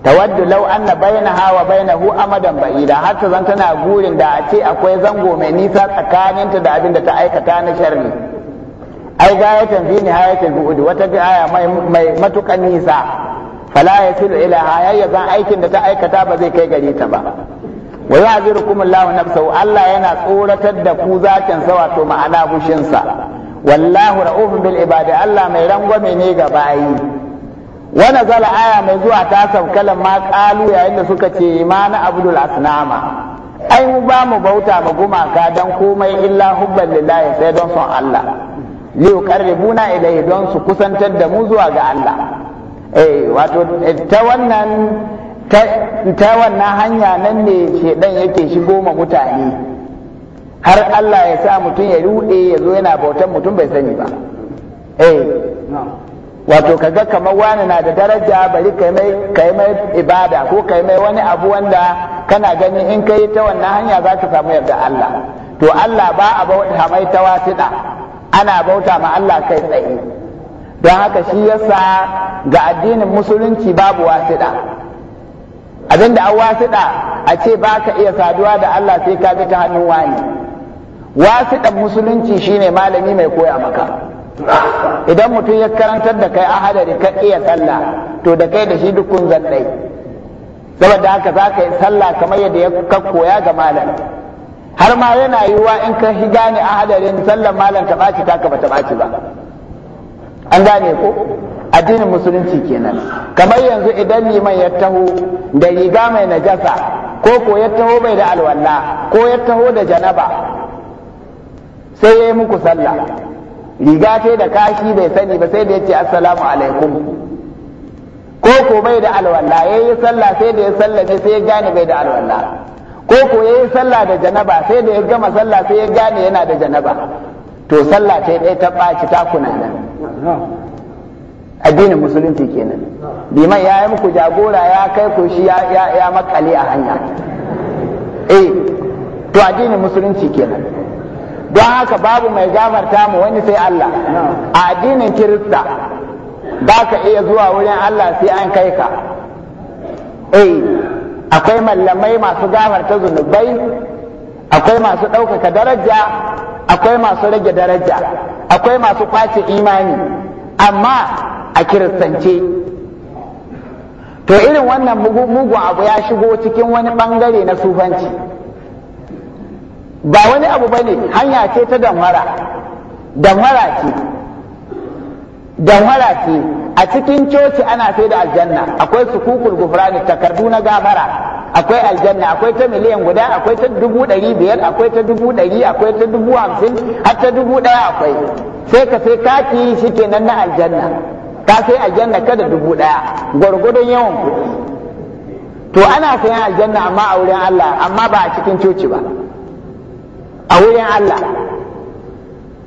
tawaddu law anna bainaha wa bainahu amadan ba'ida hatta zan tana gurin da a ce akwai zango mai nisa tsakaninta da abin da ta aikata na sharri ai ni fi nihayatil bu'd wata gaya mai mai matukan nisa fala yasilu ila ya zan aikin da ta aikata ba zai kai gare ta ba wa ya'zirukum Allahu nafsahu Allah yana tsoratar da ku zakin sa wato ma'ana sa wallahu ra'ufun bil ibadi Allah mai rangwame ne ga bayi wani zala aya mai zuwa ta saukalan ma kalu yayin da suka ce ma na abdul asnama ai mu ba mu bauta ma gumaka don komai illa hubban lillahi sai don son Allah li yuqarribuna ilayhi don su kusantar da mu zuwa ga Allah eh wato ta wannan ta wannan hanya nan ne dan yake shigo ma mutane har Allah ya sa mutum ya rude ya zo yana bautan mutum bai sani ba eh wato kaga kamar wani na da daraja bari kai mai kai mai ibada ko kai mai wani abu wanda kana gani in kai ta wannan hanya za ka samu yarda Allah to Allah ba a bauta mai tawasida ana bauta ma Allah kai tsaye don haka shi yasa ga addinin musulunci babu wasida abinda an wasida a ce ba ka iya saduwa da Allah sai ka bi ta hannun wani wasiɗan musulunci shine malami mai koya maka idan mutum ya karantar da kai a ahadari ka iya sallah to da kai da shi dukkan kun saboda haka za ka yi sallah kamar yadda ya ka koya ga malam har ma yana yiwuwa in ka shi gane ahadarin sallar malam ta ɓaci ta kafa ta ɓaci ba an gane ko addinin musulunci kenan kamar yanzu idan liman ya taho da riga mai najasa ko ko ya taho bai da alwala ko ya taho da janaba sai ya yi muku sallah riga ce da kashi bai sani ba sai da ya ce assalamu alaikum ko ko bai da alwala ya yi sallah sai da ya sallame sai ya gane bai da alwala ko ko ya yi sallah da janaba sai da ya gama sallah sai ya gane yana da janaba to sallah ta ɗaya ta ɓaci ta kuna nan addinin musulunci kenan liman ya yi muku jagora ya kai ku shi ya makale a hanya eh to addinin musulunci kenan don haka babu mai gafarta mu wani sai Allah a addinin kirista ba ka iya zuwa wurin Allah sai an kai ka eh akwai mallamai masu gafarta zunubai akwai masu ɗaukaka daraja akwai masu rage daraja akwai masu kwace imani amma a kiristance to irin wannan mugun abu ya shigo cikin wani ɓangare na sufanci. ba wani abu bane hanya ce ta damwara damwara ce damwara ce a cikin coci ana sai da aljanna akwai sukukul gufrani takardu na gafara akwai aljanna akwai ta miliyan guda akwai ta dubu ɗari biyar akwai ta dubu ɗari akwai ta dubu hamsin har ta dubu ɗaya akwai sai ka sai kati shi kenan na aljanna ka sai aljanna kada dubu ɗaya gwargwadon yawan to ana sayan aljanna amma a wurin Allah amma ba a cikin coci ba a wurin Allah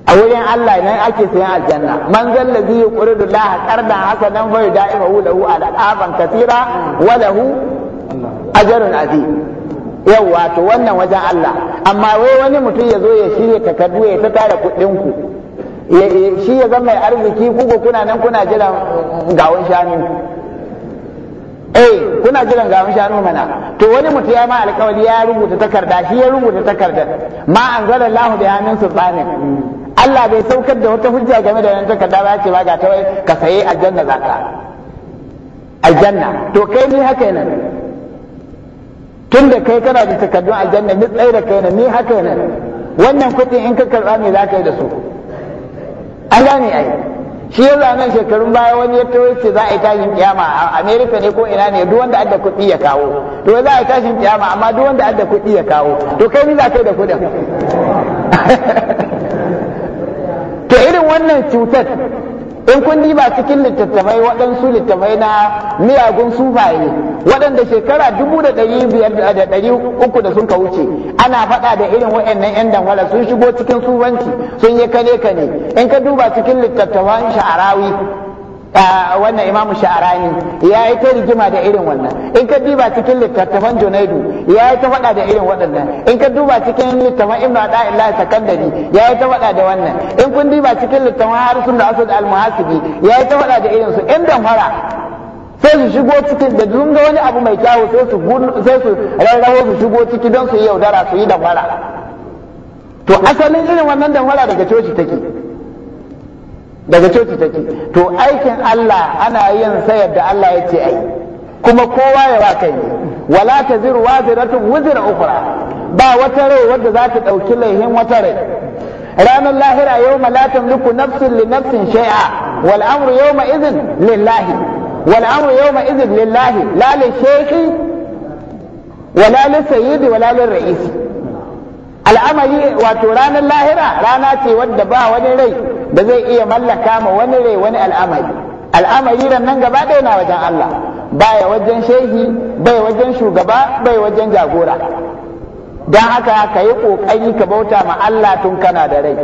a wurin Allah nan ake sayan aljanna man zallazi yuqridu Allah qardan hasanan fa hu lahu al'aban katira wa lahu ajrun azim yawa to wannan wajen Allah amma wai wani mutum ya zo ya shirya takardu ya ta tara kuɗin ku shi ya zama mai arziki ku kuna nan kuna jiran gawon shanu eh kuna jiran ga mun shanu mana to wani mutum ya ma alƙawari ya rubuta takarda shi ya rubuta takardar ma an anzala Allahu bi amin sultanin Allah bai saukar da wata hujja game da wannan takarda ba ce ba ga ta wai ka saye aljanna zaka aljanna to kai ni haka yana tunda kai kana da takardun aljanna ni tsaye da kai ni haka yana wannan kuɗin in ka karɓa me zaka yi da su an gane ai shi ya zanen shekarun baya wani ya tawo ce za a yi tashin kiyama a amerika ne ko ina ne duk wanda adda kuɗi ya kawo to za a yi tashin kiyama amma duk wanda adda kuɗi ya kawo to kai ni za kai da kuɗin to irin wannan cutar in kun ba cikin littattafai waɗansu littattafai na miyagun sufaye waɗanda shekara dubu da ɗari biyar da ɗari uku da sun ka wuce ana faɗa da irin waɗannan 'yan dangwala sun shigo cikin sufanci sun yi kane kane in ka duba cikin littattafan sha'arawi wannan imamu sha'arani ya yi ta rigima da irin wannan in ka duba cikin littattafan junaidu ya yi ta faɗa da irin waɗannan in ka duba cikin littattafan ibnu ada'illah sakandari ya yi ta faɗa da wannan in kun duba cikin littattafan harsun da asad al-muhasibi ya yi ta faɗa da irin su in fara sai su shigo cikin da sun ga wani abu mai kyawu sai su sai su su shigo ciki don su yi yaudara su yi fara to asalin irin wannan fara daga coci take daga coci take to aikin Allah ana yin sayar da Allah ya ce ai kuma kowa ya wa kai wala ta taziru waziratun wuzira ukhra ba wata rai wadda za ta dauki laihin wata rai ranar lahira yawma la tamliku nafsin li nafsin shay'a wal amru yawma izin lillahi wal amru yawma izin lillahi la li shaykhi wala li sayyidi wala li ra'isi al'amari wato ranar lahira rana ce wadda ba wani rai da zai iya mallaka ma wani rai wani al'amari al'amari nan gaba ɗaya na wajen Allah baya wajen shehi bai wajen shugaba bai wajen jagora don haka ka yi ƙoƙari ka bauta ma Allah tun kana da rai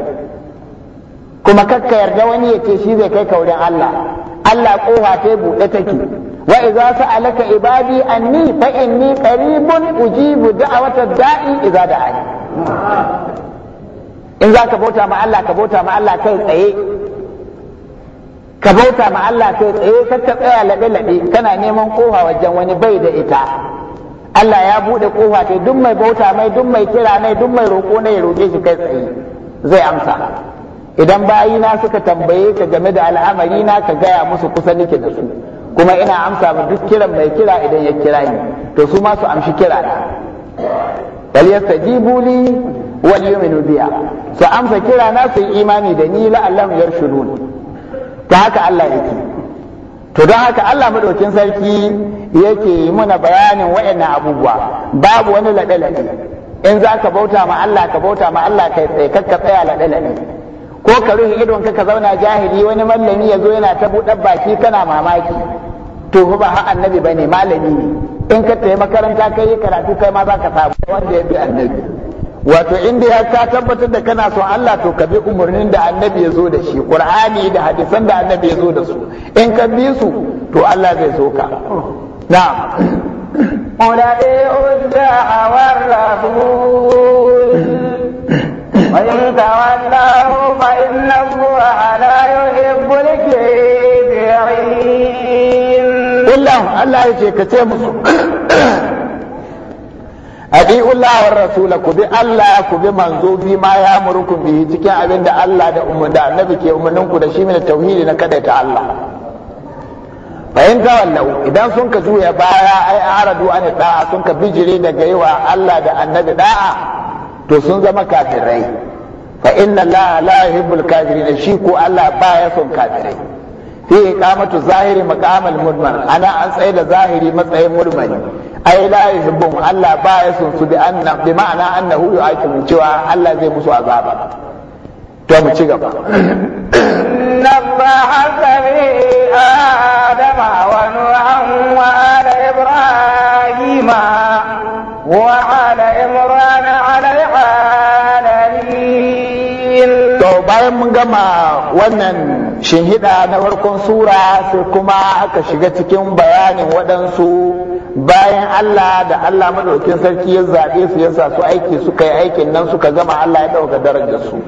kuma kakka yarda wani ya ce shi zai kai ka wurin Allah Allah ƙofa ta buɗe take wa idza sa'alaka ibadi anni fa inni qaribun ujibu da'watad da'i idza da'ani in za ka bauta ma Allah ka bauta ma Allah kai tsaye ka bauta ma Allah kai tsaye ka ta tsaya laɓe laɓe kana neman kofa wajen wani bai da ita Allah ya buɗe kofa ta duk mai bauta mai duk mai kira mai duk mai roƙo ne ya roƙe shi kai tsaye zai amsa idan bayina suka tambaye ka game da al'amari na ka gaya musu kusa nake da su kuma ina amsa ma duk kiran mai kira idan ya kira ni to su ma su amshi kira bal yastajibu li wal yu'minu biya su amsa kira na sun yi imani da ni la'allam yarshudun ta haka Allah yake to don haka Allah madaukin sarki yake muna bayanin na abubuwa babu wani laɗe-laɗe in za ka bauta ma Allah ka bauta ma Allah kai tsaye ka tsaya laɗe-laɗe ko ka rufe idon ka ka zauna jahili wani mallami ya zo yana ta buɗar baki kana mamaki to ba ha ba ne malami ne in ka tafi makaranta ka yi karatu kai ma za ka samu wanda ya bi annabi wato inda ya ka tabbatar da kana son Allah to ka bi umarnin da annabi ya zo da shi qur'ani da hadisan da annabi ya zo da su in ka bi su to Allah zai so ka na'am قل أطيعوا الداع وإن تولوا فإن الله لا يحب lahum Allah ya ce ka ce musu adi'ullah wa rasula ku bi Allah ku bi manzo bi ma ya murukum bi cikin abin da Allah da umma da annabi ke umarnin ku da shi ne tauhidi na kada ta Allah fahimta wallahu idan sun ka juya baya ai aradu an da'a sun ka bijire daga yiwa Allah da annabi da'a to sun zama kafirai fa inna la la yuhibbul kafirin shi ko Allah baya son kafirai fi iqamatu zahiri maqamal mudman ana an tsaye da zahiri matsayin mudmani ai la yuhibbum Allah baya ya su bi anna bi ma'ana annahu yu'akimu Allah zai musu azaba to mu ci gaba inna Allah sami adama wa nuhan ibrahima wa ala imran ala to bayan mun gama wannan shinhida na farkon sura sai kuma aka shiga cikin bayanin waɗansu bayan Allah da Allah madaukin sarki ya zaɓe su yasa su aiki suka yi aikin nan suka gama Allah ya ɗauka darajar su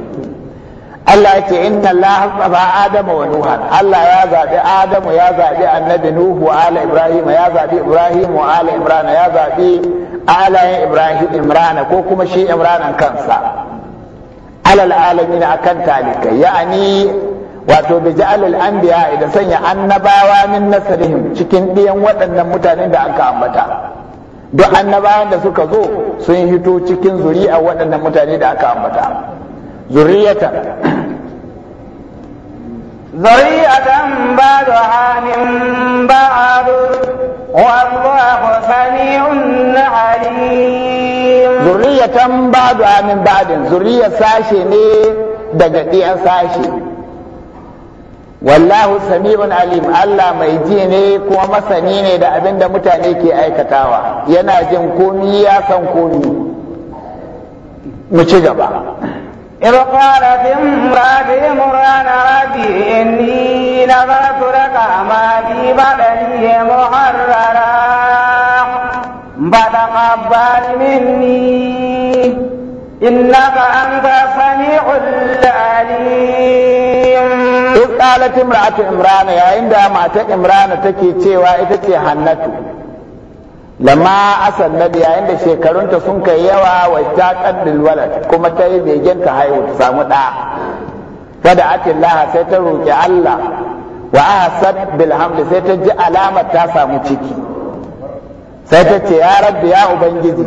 Allah ya ce inna Allah tsaba Adamu wa Nuha Allah ya zaɓi Adamu ya zaɓi annabi Nuhu wa ala Ibrahim ya zaɓi Ibrahim wa ala Imran ya zaɓi ala Ibrahim Imran ko kuma shi Imran kansa alal alamin akan talika ya'ani wato bi ja'al al anbiya da sanya annabawa min nasrihim cikin ɗiyan waɗannan mutanen da aka ambata duk annabawan da suka zo sun hito cikin zuri'a waɗannan mutane da aka ambata zuriyatan zuriyatan ba'daha min ba'd wallahu sami'un alim zurriyatan ba'du amin ba'din zurriya sashe ne daga ɗiyan sashe wallahu sami'un alim Allah mai ji ne kuma masani ne da abin da mutane ke aikatawa yana jin komi ya san komi mu ci gaba إذ قالت امرأتي مران ربي إني نذرت لك ما في ya muharrara. فتقبل مني إنك أنت السميع العليم إذ قالت امرأة عمران يا عند ما عمران تكي تيوا إتتي حنتو لما أسد نبي عند شكرون تسنك يوا واشتاقت بالولد كما تيب يجنت هاي وتسامت فدعت الله ستروك الله وأحسد بالحمد ستجي علامة تاسا متكي sai ta ce ya rabbi ya ubangiji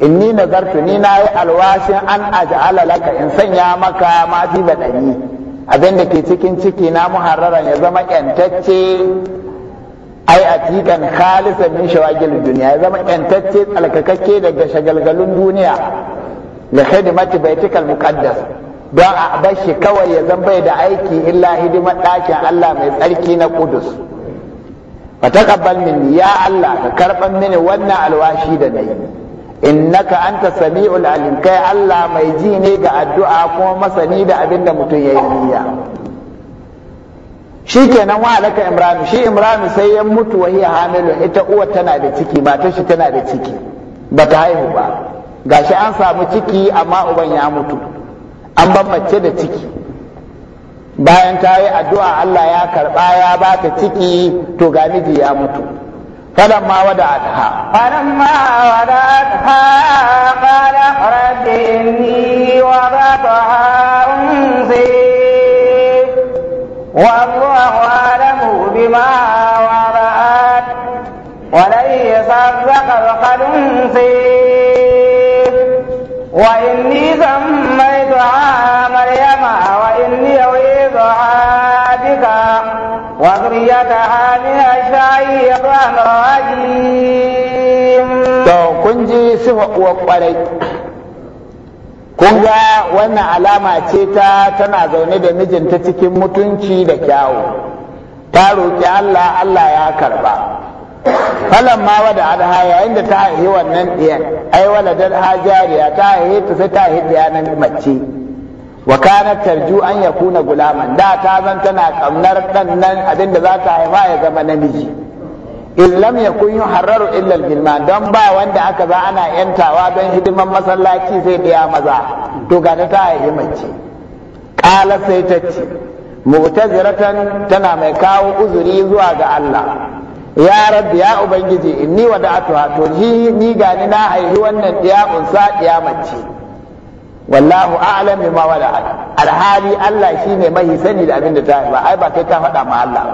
inni nazartu ni na yi alwashin an aj'ala laka in sanya maka ma fi badani abin da ke cikin ciki na muharraran ya zama yantacce ai a tikan khalisa min shawagil duniya ya zama yantacce tsalkakakke daga shagalgalun duniya da khidmati baitikal muqaddas don a bashi kawai ya zama bai da aiki illa hidimar ɗakin Allah mai tsarki na ƙudus. fa taqabbal min ya Allah ka karban mini wannan alwashi da nayi innaka anta sami'ul alim kai Allah mai ji ne ga addu'a kuma masani da abin da mutum yayi niyya shikenan wa alaka imran shi imran sai ya mutu wa hiya ita uwa tana da ciki mata shi tana da ciki bata haihu ba gashi an samu ciki amma uban ya mutu an ban mace da ciki bayan ta yi addu'a Allah ya karɓa ya ba ta ciki to ga miji ya mutu فلما ودعتها فلما ودعتها قال رب إني وضعتها أنثي والله أعلم بما وضعت وليس الذكر وإني سميتها مريم وإني أصحابك وذريتها من الشيطان الرجيم kun ji sifa uwar kwarai wannan alama ce ta tana zaune da mijinta cikin mutunci da kyawu ta roƙi Allah Allah ya karba falan ma wada adha yayin da ta haihi wannan ɗiyar ai waladar hajariya ta haihi ta sai ta haihi ɗiya nan mace wa kana tarju an yakuna gulaman da ta zan tana kamnar dan nan da za ta haifa ya zama namiji in lam yakun yuharraru illa al don ba wanda aka za ana yantawa don hidiman masallaci sai biya maza to ga ta haifi mace qala sai ta ce mu'taziratan tana mai kawo uzuri zuwa ga Allah ya rabbi ya ubangiji inni wada'atuha to ni gani na haihi wannan diya sa ɗiya mace wallahu a'lam bima wala alhali Allah shine mai sani da abin da ta haifa ai ba kai ka faɗa ma Allah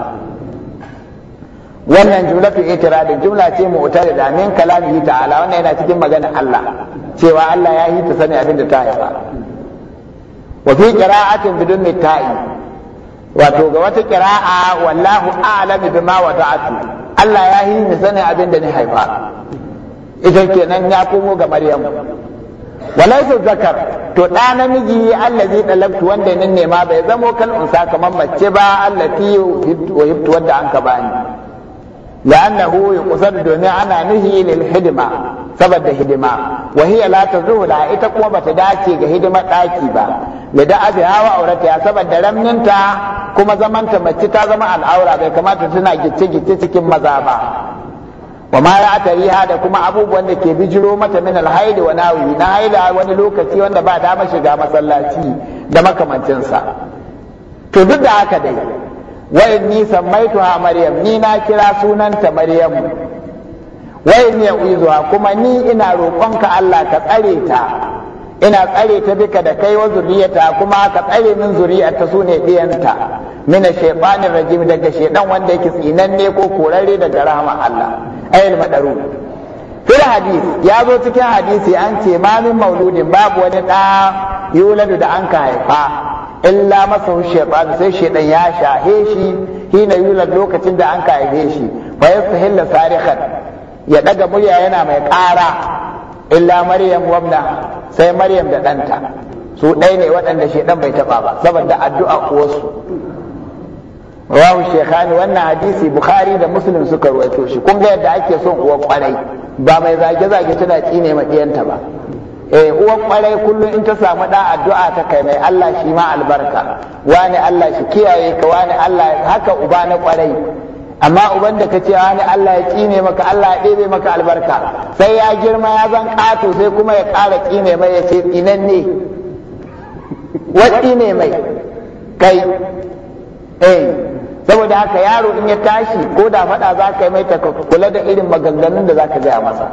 wannan jumlatu itirad jumla ce mu uta da min kalamihi ta'ala wannan yana cikin maganar Allah cewa Allah ya yi ta sani abin da ta haifa wa fi qira'atin bidun ta'i wato ga wata qira'a wallahu a'lam bima wada'atu Allah ya yi ni sani abin da ni haifa ita kenan ya komo ga Maryam walaysa zakar to da namiji allazi dalabtu wanda nan nema bai zamo kan unsa kamar mace ba allati wa yibtu wanda an ka bani la'annahu yuqsad domin ana nahi lil hidma saboda hidima wa hiya la la ita kuma bata dace ga hidimar daki ba da da abi hawa aurata saboda ramninta kuma zamanta mace ta zama al'aura bai kamata tana gice gice cikin maza ba wa ma ra'ata riha da kuma abubuwan da ke bijiro mata min alhaidi wa nawi na haila wani lokaci wanda ba dama shiga masallaci da makamancin sa to duk da haka dai wa ni ha maryam ni na kira sunanta maryam wa inni uizuha kuma ni ina roƙonka Allah ka tsare ta ina tsare ta bika da kai wa zuriyata kuma ka tsare min zuriyarta sune diyanta mina shaytanir rajim daga shaydan wanda yake tsinanne ko korarre daga rahama Allah ayil madaru fil hadith ya zo cikin hadisi an ce ma min mauludin babu wani da yuladu da an ka haifa illa masa shaytan sai shaydan ya shahe shi hina yulad lokacin da an ka haife shi fa yastahilla sarikhan ya daga murya yana mai ƙara illa maryam wabna sai maryam da ɗanta su ɗaya ne waɗanda shaidan bai taɓa ba saboda addu'a kuwasu rawu shekhani wannan hadisi bukhari da muslim suka ruwaito shi kun ga yadda ake son uwa kwarai ba mai zage zage tana tsine ma diyanta ba eh uwa kwarai kullum in ta samu da addu'a ta kai mai Allah shi ma albarka wani Allah shi kiyaye ka wani Allah haka uba na kwarai amma uban da ka ce wani Allah ya tsine maka Allah ya ɗebe maka albarka sai ya girma ya zan ƙato sai kuma ya ƙara tsine mai ya ce ne?" wa tsine mai kai eh saboda haka yaro in ya tashi ko da faɗa za ka yi mai kula da irin maganganun da za ka gaya masa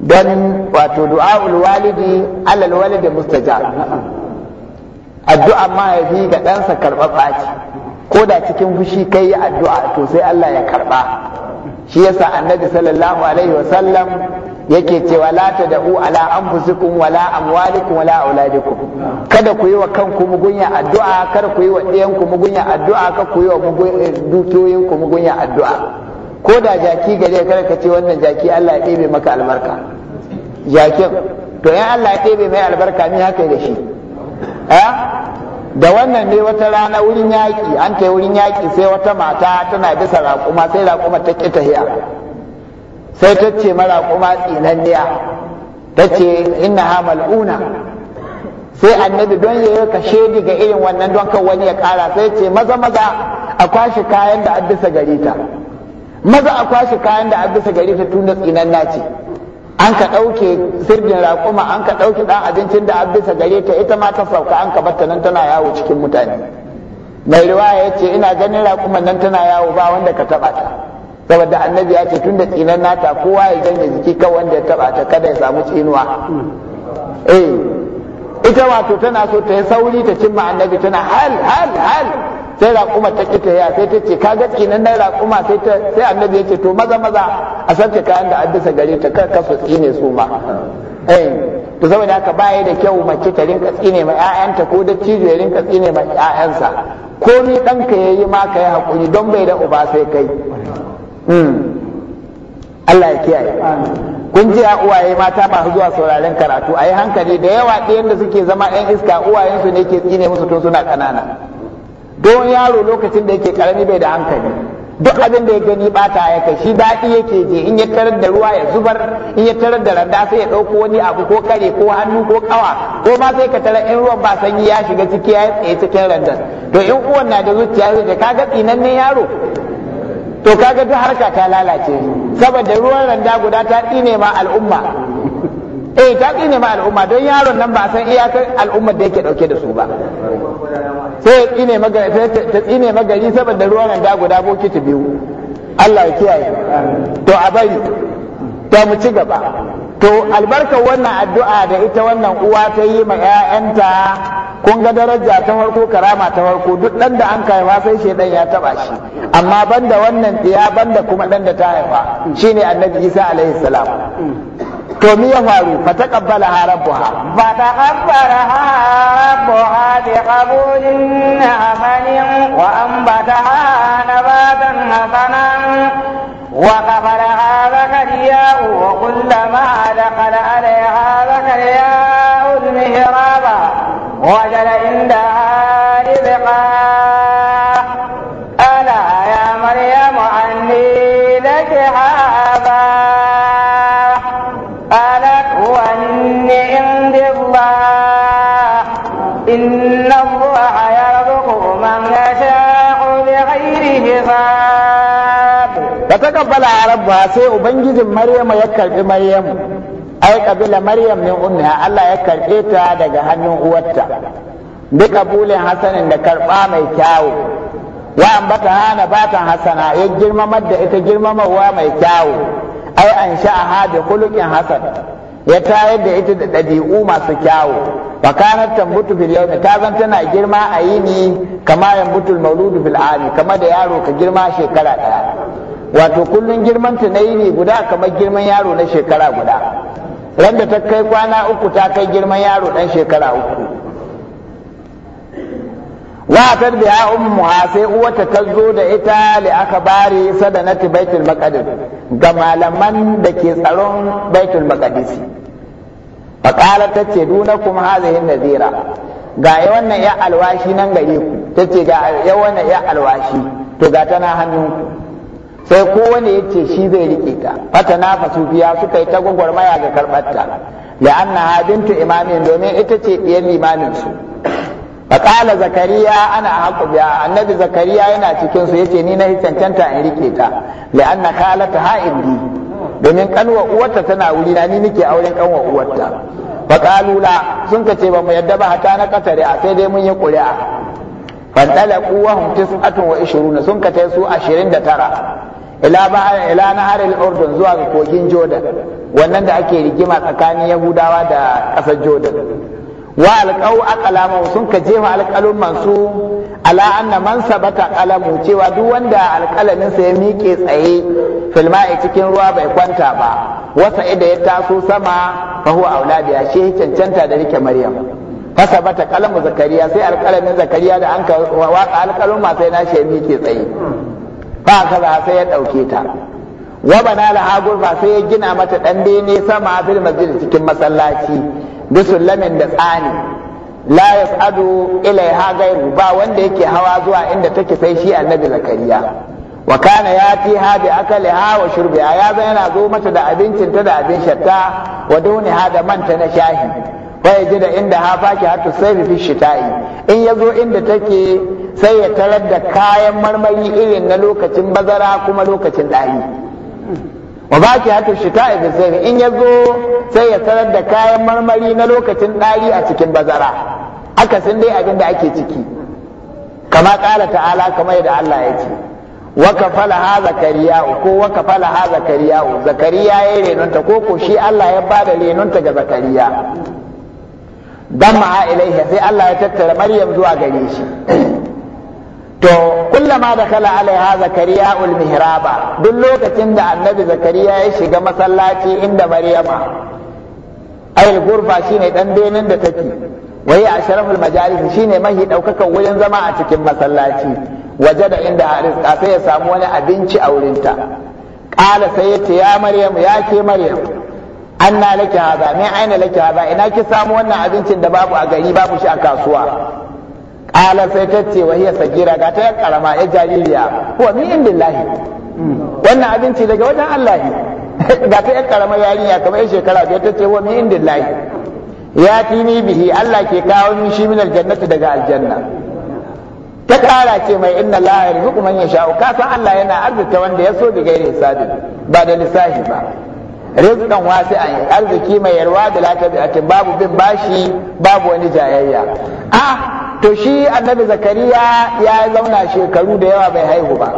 don wato du'a'ul walidi alal walidi mustaja addu'a mahaifi ga ɗansa karɓaɓɓa ce ko da cikin fushi kai yi addu'a to sai Allah ya karɓa shi yasa annabi sallallahu alaihi wa sallam yake cewa la da'u, ala anfusikum wala amwalikum wala auladikum kada ku yi wa kanku mugunya addu'a kada ku yi wa ɗayan ku mugunya addu'a kada ku yi wa eh, dukiyoyin ku mugunya addu'a ko da jaki gare kada ka ce wannan jaki Allah ya ɗebe maka albarka jakin to in Allah ya ɗebe mai albarka ni haka da shi da wannan ne wata rana wurin yaƙi an kai wurin yaƙi sai wata mata tana bisa raƙuma sai raƙuma ta ƙi tahiya sai ta ce mara kuma tsinanniya ta ce ina ha mal'una sai annabi don ya yi kashe daga irin wannan don kan wani ya kara sai ce maza maza a kwashe kayan da addisa gari ta maza a kwashe kayan da addisa gare ta tun da tsinanna ce an ka ɗauke sirdin raƙuma an ka ɗauke ɗan abincin da addisa gari ta ita ma ta sauka an ka batta nan tana yawo cikin mutane mai riwaya ya ce ina ganin raƙuman nan tana yawo ba wanda ka taɓa ta saboda annabi ya ce tun da tsinan nata kowa ya janye jiki kan wanda ya taba ta kada ya samu tsinuwa eh ita wato tana so ta yi sauri ta cimma annabi tana hal hal hal sai raƙuma ta kita ya sai ta ce ka ga tsinan nan raƙuma sai ta sai annabi ya ce to maza maza a sarke kayan da addasa gare ta kar kasu tsine su ma eh to saboda haka baya da kyau mace ta rinka tsine ma ƴaƴanta ko da cijo ya rinka tsine ma ƴaƴansa ko ni ɗanka yayi ma ka yi haƙuri don bai da uba sai kai Hmm. Allah ya kiyaye kun ji a uwaye mata masu zuwa sauraren karatu a yi hankali da yawa ɗayan da suke zama 'yan iska uwayensu ne ke tsine musu tun suna ƙanana don yaro lokacin da yake ƙarami bai da hankali duk abin da ya gani bata ya kai shi daɗi yake je in ya tarar da ruwa ya zubar in ya tarar da randa sai ya ɗauko wani abu ko kare ko hannu ko ƙawa ko ma sai ka tarar in ruwan ba sanyi ya shiga ciki ya tsaye cikin randa. to in uwan na da zuciya zai ga tsinan tsinannen yaro to kaga duk harka ta lalace saboda ruwan randa guda ta tsine ma al'umma eh ta tsine ma al'umma don yaron nan ba san iyakar al'ummar da yake dauke da su ba sai ya tsine magari ta tsine magari saboda ruwan randa guda bokiti biyu Allah ya kiyaye to a bari to mu ci gaba to albarkar wannan addu'a da ita wannan uwa ta yi ma 'ya'yanta kun ga daraja ta farko karama ta farko duk dan da an kaifa sai dan ya taba shi amma banda wannan diya banda kuma dan da ta haifa shine annabi isa alaihi salam to ya faru fa taqabbala ha rabbuha fa taqabbala ha rabbuha bi qabulin amanin wa anbataha nabatan hasanan وغفرها زكريا وكلما دخل عليها زكريا وجد عندها رزقا ألا يا مريم أني لك هذا قالت وأني عند الله إن الله يرزق من يشاء بغير حساب فتقبلها ربها سيء بنجد مريم يكلم مريم ai kabila maryam min ummiha Allah ya karbe ta daga hannun uwarta bi kabulin hasanin da karba mai kyawu Ya ambata hana batan hasana ya girmamar da ita girmamawa mai kyawu ai an sha'aha bi kulukin hasan ya tayar da ita da ɗabi'u masu kyawu wa kanat tambutu bil yawmi ta zan tana girma a yini kama yambutul mauludu bil ami kama da yaro ka girma shekara daya wato kullun girman ta na yini guda kamar girman yaro na shekara guda randa ta kai kwana uku ta kai girman yaro ɗan shekara uku wa tarbiya ummuha sai uwata ta zo da ita li akabari sadanati baitul maqdis ga malaman da ke tsaron baitul maqdis faqala tace dunakum hadhihi nadira ga ya wannan ya alwashi nan gare ku ce, ga ya wannan ya alwashi to ga tana hannunku sai kowane ya ce shi zai rike ta fata na fasufiya suka yi ta gwagwarmaya ga karbatta da an na hadinta imamin domin ita ce ɗiyar limamin su faƙala zakariya ana haƙu biya annabi zakariya yana cikin su yace ni na cancanta in rike ta da an na kala ta bi domin kanwa uwarta tana wuri na ni nake auren kanwa uwarta faƙalu la sun ka ce ba mu yadda ba hata na katare sai dai mun yi ƙuri'a fantala kuwa hun tis'atun wa ishiruna sun ka su ashirin da tara ila bahar ila naharil urdun zuwa ga kogin jordan wannan da ake rigima tsakanin yahudawa da ƙasar jordan wa alqau aqlamu sun ka jefa alqalun mansu ala anna man sabata qalamu cewa duk wanda alqalamin sa ya miƙe tsaye filma'i cikin ruwa bai kwanta ba wasa ida ya taso sama fa huwa auladi ya shi cancanta da rike maryam fasabata qalamu zakariya sai alqalamin zakariya da an ka alqalun ma sai na shi ya miƙe tsaye ka za sai ya ɗauke ta wa bana laha ba sai ya gina mata ɗan bene sama fil masjid cikin masallaci bi lamin da tsani la yas'adu ilaiha Gairu ba wanda yake hawa zuwa inda take sai shi annabi zakariya wa kana yati ha bi ha wa a ya zan yana zo mata da abincin ta da abin shatta wa duni ha da manta na shahi fa yaji da inda ha faki hatu sai fi shita'i in ya zo inda take sai ya tarar da kayan marmari irin na lokacin bazara kuma lokacin ɗari wa ba ki hatu shita zai in ya zo sai ya tarar da kayan marmari na lokacin ɗari a cikin bazara akasin dai abin da ake ciki kama ƙala ta'ala kamar da Allah ya ce waka fala ha zakariya ko waka fala ha zakariya zakariya ya yi renonta ko ko shi Allah ya ba da renonta ga zakariya dan ma'a ilaiha sai Allah ya tattara Maryam zuwa gare shi to kullama da kala alaiha zakariya ul mihraba duk lokacin da annabi zakariya ya shiga masallaci inda maryama ayil gurfa shine dan benin da take a asharaful majalis shine mahi daukakan wurin zama a cikin masallaci waje da inda rizqa sai ya samu wani abinci a wurinta qala sai ya ce ya maryam ya ke maryam anna laki hada me aina laki hada ina ki samu wannan abincin da babu a gari babu shi a kasuwa ala sai ta ce wa hiya sagira ga ta karama ya jaririya wa min indillahi wannan abinci daga wajen Allah ga ta ya karama yarinya kamar shekara biyar ta ce wa min indillahi ya tini bihi Allah ke kawo min shi min aljannati daga aljanna ta kara ce mai inna la yarzuqu man sha'u, ka san Allah yana arzuta wanda ya so bi gairi sabi ba da lissafi ba rizqan wasi'an arziki mai yarwa da lakabi babu bin bashi babu wani jayayya ah to shi annabi zakariya ya zauna shekaru da yawa bai haihu ba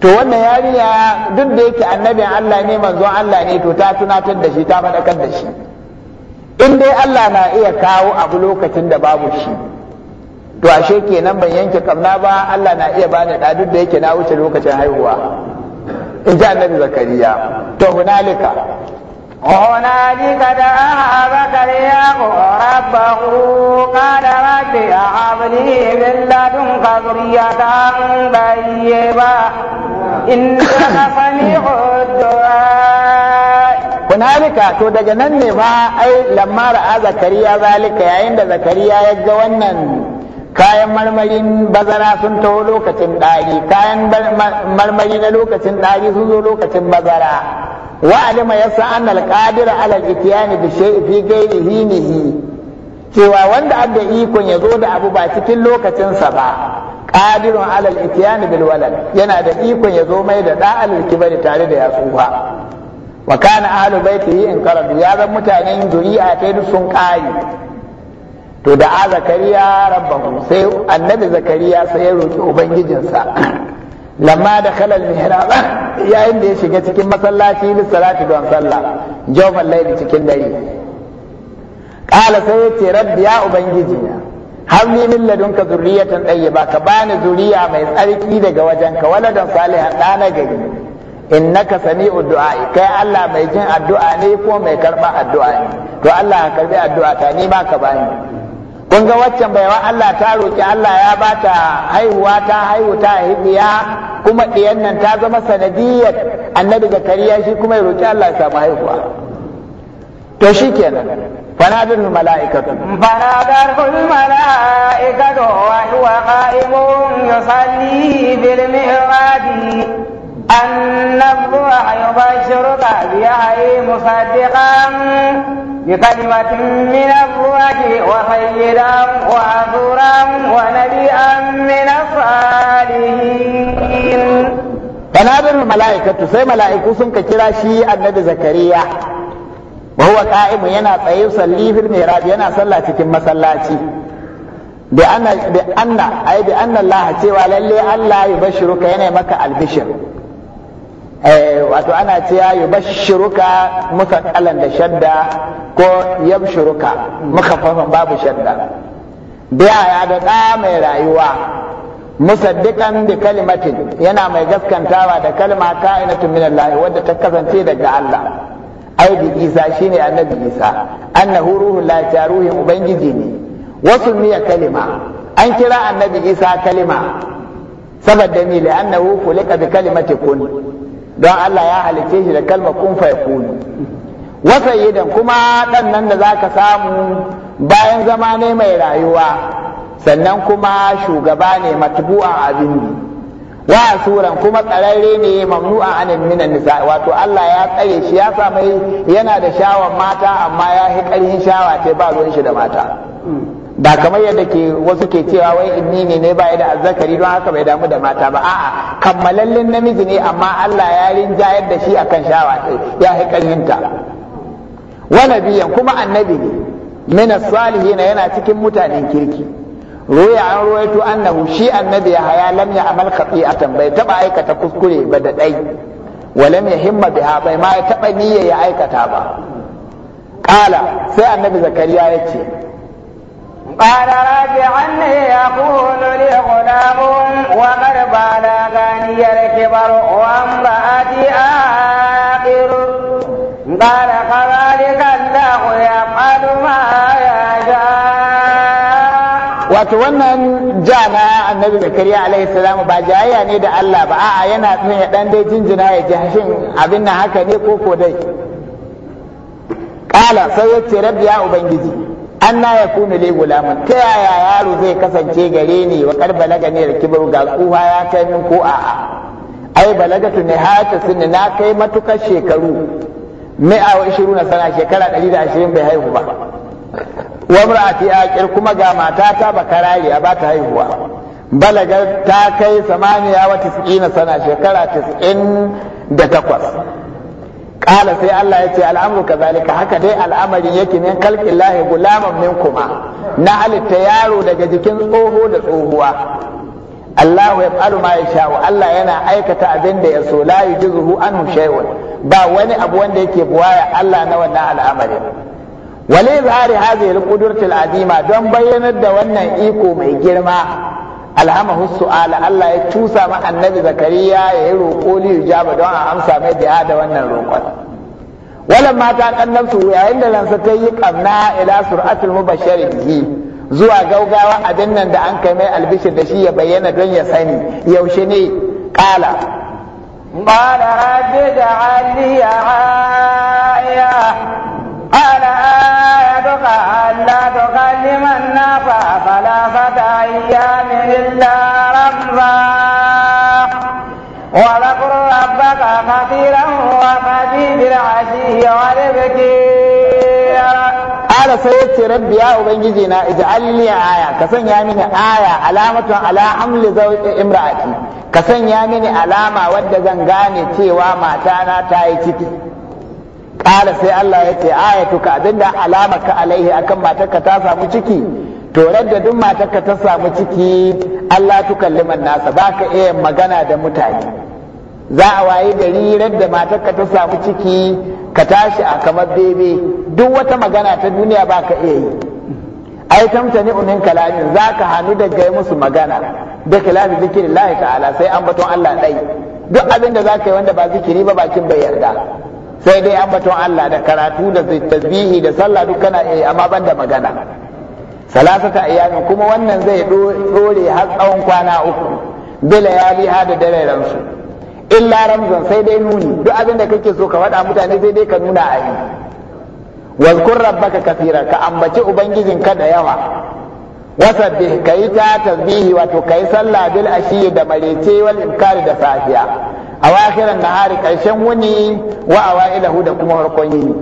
to wannan yarinya duk da yake annabi Allah ne manzon Allah ne to ta tunatar da shi ta faɗakar da shi in dai Allah na iya kawo abu lokacin da babu shi to ashe kenan ban yanke kamna ba Allah na iya bani da duk da yake na wuce lokacin haihuwa in ji annabi zakariya to hunalika هنالك دعا زكريا ربه قال رب هب لي من لدنك ذرية طيبة إنك سميع الدعاء hunalika to daga nan ne ba ai lamma ra'a zakariya zalika yayin da zakariya ya ga wannan kayan marmarin bazara sun taho lokacin ɗari kayan marmari na lokacin ɗari sun zo lokacin bazara wa alima sa an alqadir ala al bi shay'in fi ghairi cewa wanda abda ikon ya zo da abu ba cikin lokacinsa ba ƙadirin ala al-itiyani bil walad yana da ikon ya zo mai da da'al kibari tare da yatsufa wa kana ahlu yi in qaradu ya zan mutanen zuri'a ta sun ƙari to da a zakariya rabbahu sai annabi zakariya sai ya roki ubangijinsa lamma da khalal mihrab yayin da ya shiga cikin masallaci lis salati don sallah jawmal layli cikin dare qala sai ya ce rabbi ya ubangiji har ni min ladunka zurriyatan tayyiba ka bani zuriya mai tsarki daga wajenka waladan salihan da na gari innaka sami'u du'a kai Allah mai jin addu'a ne ko mai karba addu'a to Allah ka karbi addu'a ta ni ma ka bani kun ga waccan baiwa Allah ta roƙi Allah ya ba ta haihuwa ta haihu ta hibiya kuma ɗiyan nan ta zama sanadiyar annabi da kariya shi kuma ya roƙi Allah ya samu haihuwa to shi kenan fanadar mala'ikatu wa huwa qa'imun yusalli bil بالمهراب أن الله يبشرك بيحيى مصدقا بكلمة من الله وسيدا وحصورا ونبيا من الصالحين فنادر الملائكة سي ملائكة سنك كراشي النبي زكريا وهو قائم ينا طيب صلي في المهراب ينا صلى تكم مسلاتي بأن بأن أي بأن الله تعالى لله الله يبشرك ينا مك البشر Eh, wato ana cewa yubashshiruka musaqalan da shadda ko yabshiruka mukhafafan babu shadda biya da ɗa mai rayuwa musaddikan da kalimatin yana mai gaskantawa da kalma ka'inatun min Allah wadda ta kasance daga Allah ai da Isa shine annabi Isa annahu ruhu la ruhin ubangiji ne wasu miya kalima an kira annabi Isa kalima saboda ni li annahu kulika bi kalimati kun don Allah ya halice shi da kalma kun fa wasa yi sayyidan kuma ɗan nan da za ka samu bayan zama ne mai rayuwa sannan kuma shugaba ne matubu'a abin wa suran kuma tsararre ne mamnu'a anin minan nisa wato Allah ya tsare shi ya sa yana da shawar mata amma ya hi ƙarfin shawa ce ba ruwan shi da mata Da kamar yadda ke wasu ke cewa wai inni ne ne baya da azzakari don haka bai damu da mata ba a'a kammalallen namiji ne amma Allah ya rinjayar da shi akan shawa ya yi kanyinta wala biyan kuma annabi ne min na yana cikin mutanen kirki ruya an ruwaito annahu shi annabi ya haya lam ya amal khati'atan bai taba aikata kuskure ba da dai walam ya himma biha bai ma ya taba niyya ya aikata ba qala sai annabi zakariya ya ce قال رب عني أقول لي غلام وقد بلغني الكبر وامرأتي آخر قال كذلك الله يفعل ما يشاء wato wannan ja na annabi zakari alaihi salamu ba jayayya ne da Allah ba a'a yana son ya dan dai jinjina ya ji shin abin nan haka ne ko ko dai qala sai ya ce rabbi ya ubangiji an na ya kuna le gulamun ta yaya yaro zai kasance gare ni wa kar balaga ne da kibar ga tsuha ya kai min ko a'a ai balaga ne hata sinni na kai matukar shekaru mai awa ishiru na sana shekara 120 bai haihu ba wa imra'ati aqir kuma ga matata bakarari a bata haihuwa balaga ta kai samaniya wa 90 sana shekara takwas. qala sai Allah yace al'amru kazalika haka dai al'amarin yake min khalqillahi min kuma na halitta yaro daga jikin tsoho da tsohuwa Allahu ya falu ma yasha Allah yana aikata abinda ya so la yujizuhu anhu shay'un ba wani abu wanda yake buwaya Allah na wannan al'amarin wali zahari hadhihi al-qudratil azima don bayyanar da wannan iko mai girma alhamahu su'ala Allah ya cusa ma annabi zakariya ya yi roƙo li yujaba don a amsa mai da da wannan roƙon walan mata kannabtu yayin da lansa ta yi kamna ila sur'atul mubashshir bihi zuwa gaugawa abin nan da an kai mai albishir da shi ya bayyana don ya sani yaushe ne qala قال رب ya ya قال آيتك ألا تكلم فلا ثلاثة أيام إلا رمضا وذكر ربك كثيرا وفدي بالعشي والبكير قال سيدتي ربي يا أبنجينا اجعل لي آية كسن يا مني آية علامة على حمل زوج امرأة كسن يا مني علامة ود زنغاني تي وما تانا تاي تيتي Kala sai Allah ya ce ayatuka abinda ka alaihi akan matarka ta samu ciki to da duk matarka ta samu ciki Allah tukalliman nasa ba ka iya magana da mutane za a wayi waye gari da matarka ta samu ciki ka tashi a kamar bebe duk wata magana ta duniya ba ka iya yi ai tamtani unin kalamin za ka hannu da gai musu magana da kalamin zikirin lahi ta'ala sai an baton Allah ɗai duk abin da za ka yi wanda ba zikiri ba bakin bai yarda sai dai an ambaton Allah da karatu da tasbihi da sallah duk kana iya amma banda magana salasata ayyamin kuma wannan zai dore har tsawon kwana uku bila yali ha da dare ransu illa ramzan sai dai nuni duk abin da kake so ka faɗa mutane sai dai ka nuna a yi wazkur rabbaka kafira ka ambaci ubangijin ka da yawa wasabbih kai ta tasbihi wato kayi sallah bil ashi da marece wal imkari da safiya a wakiran da hari karshen wuni wa a da kuma harkon yini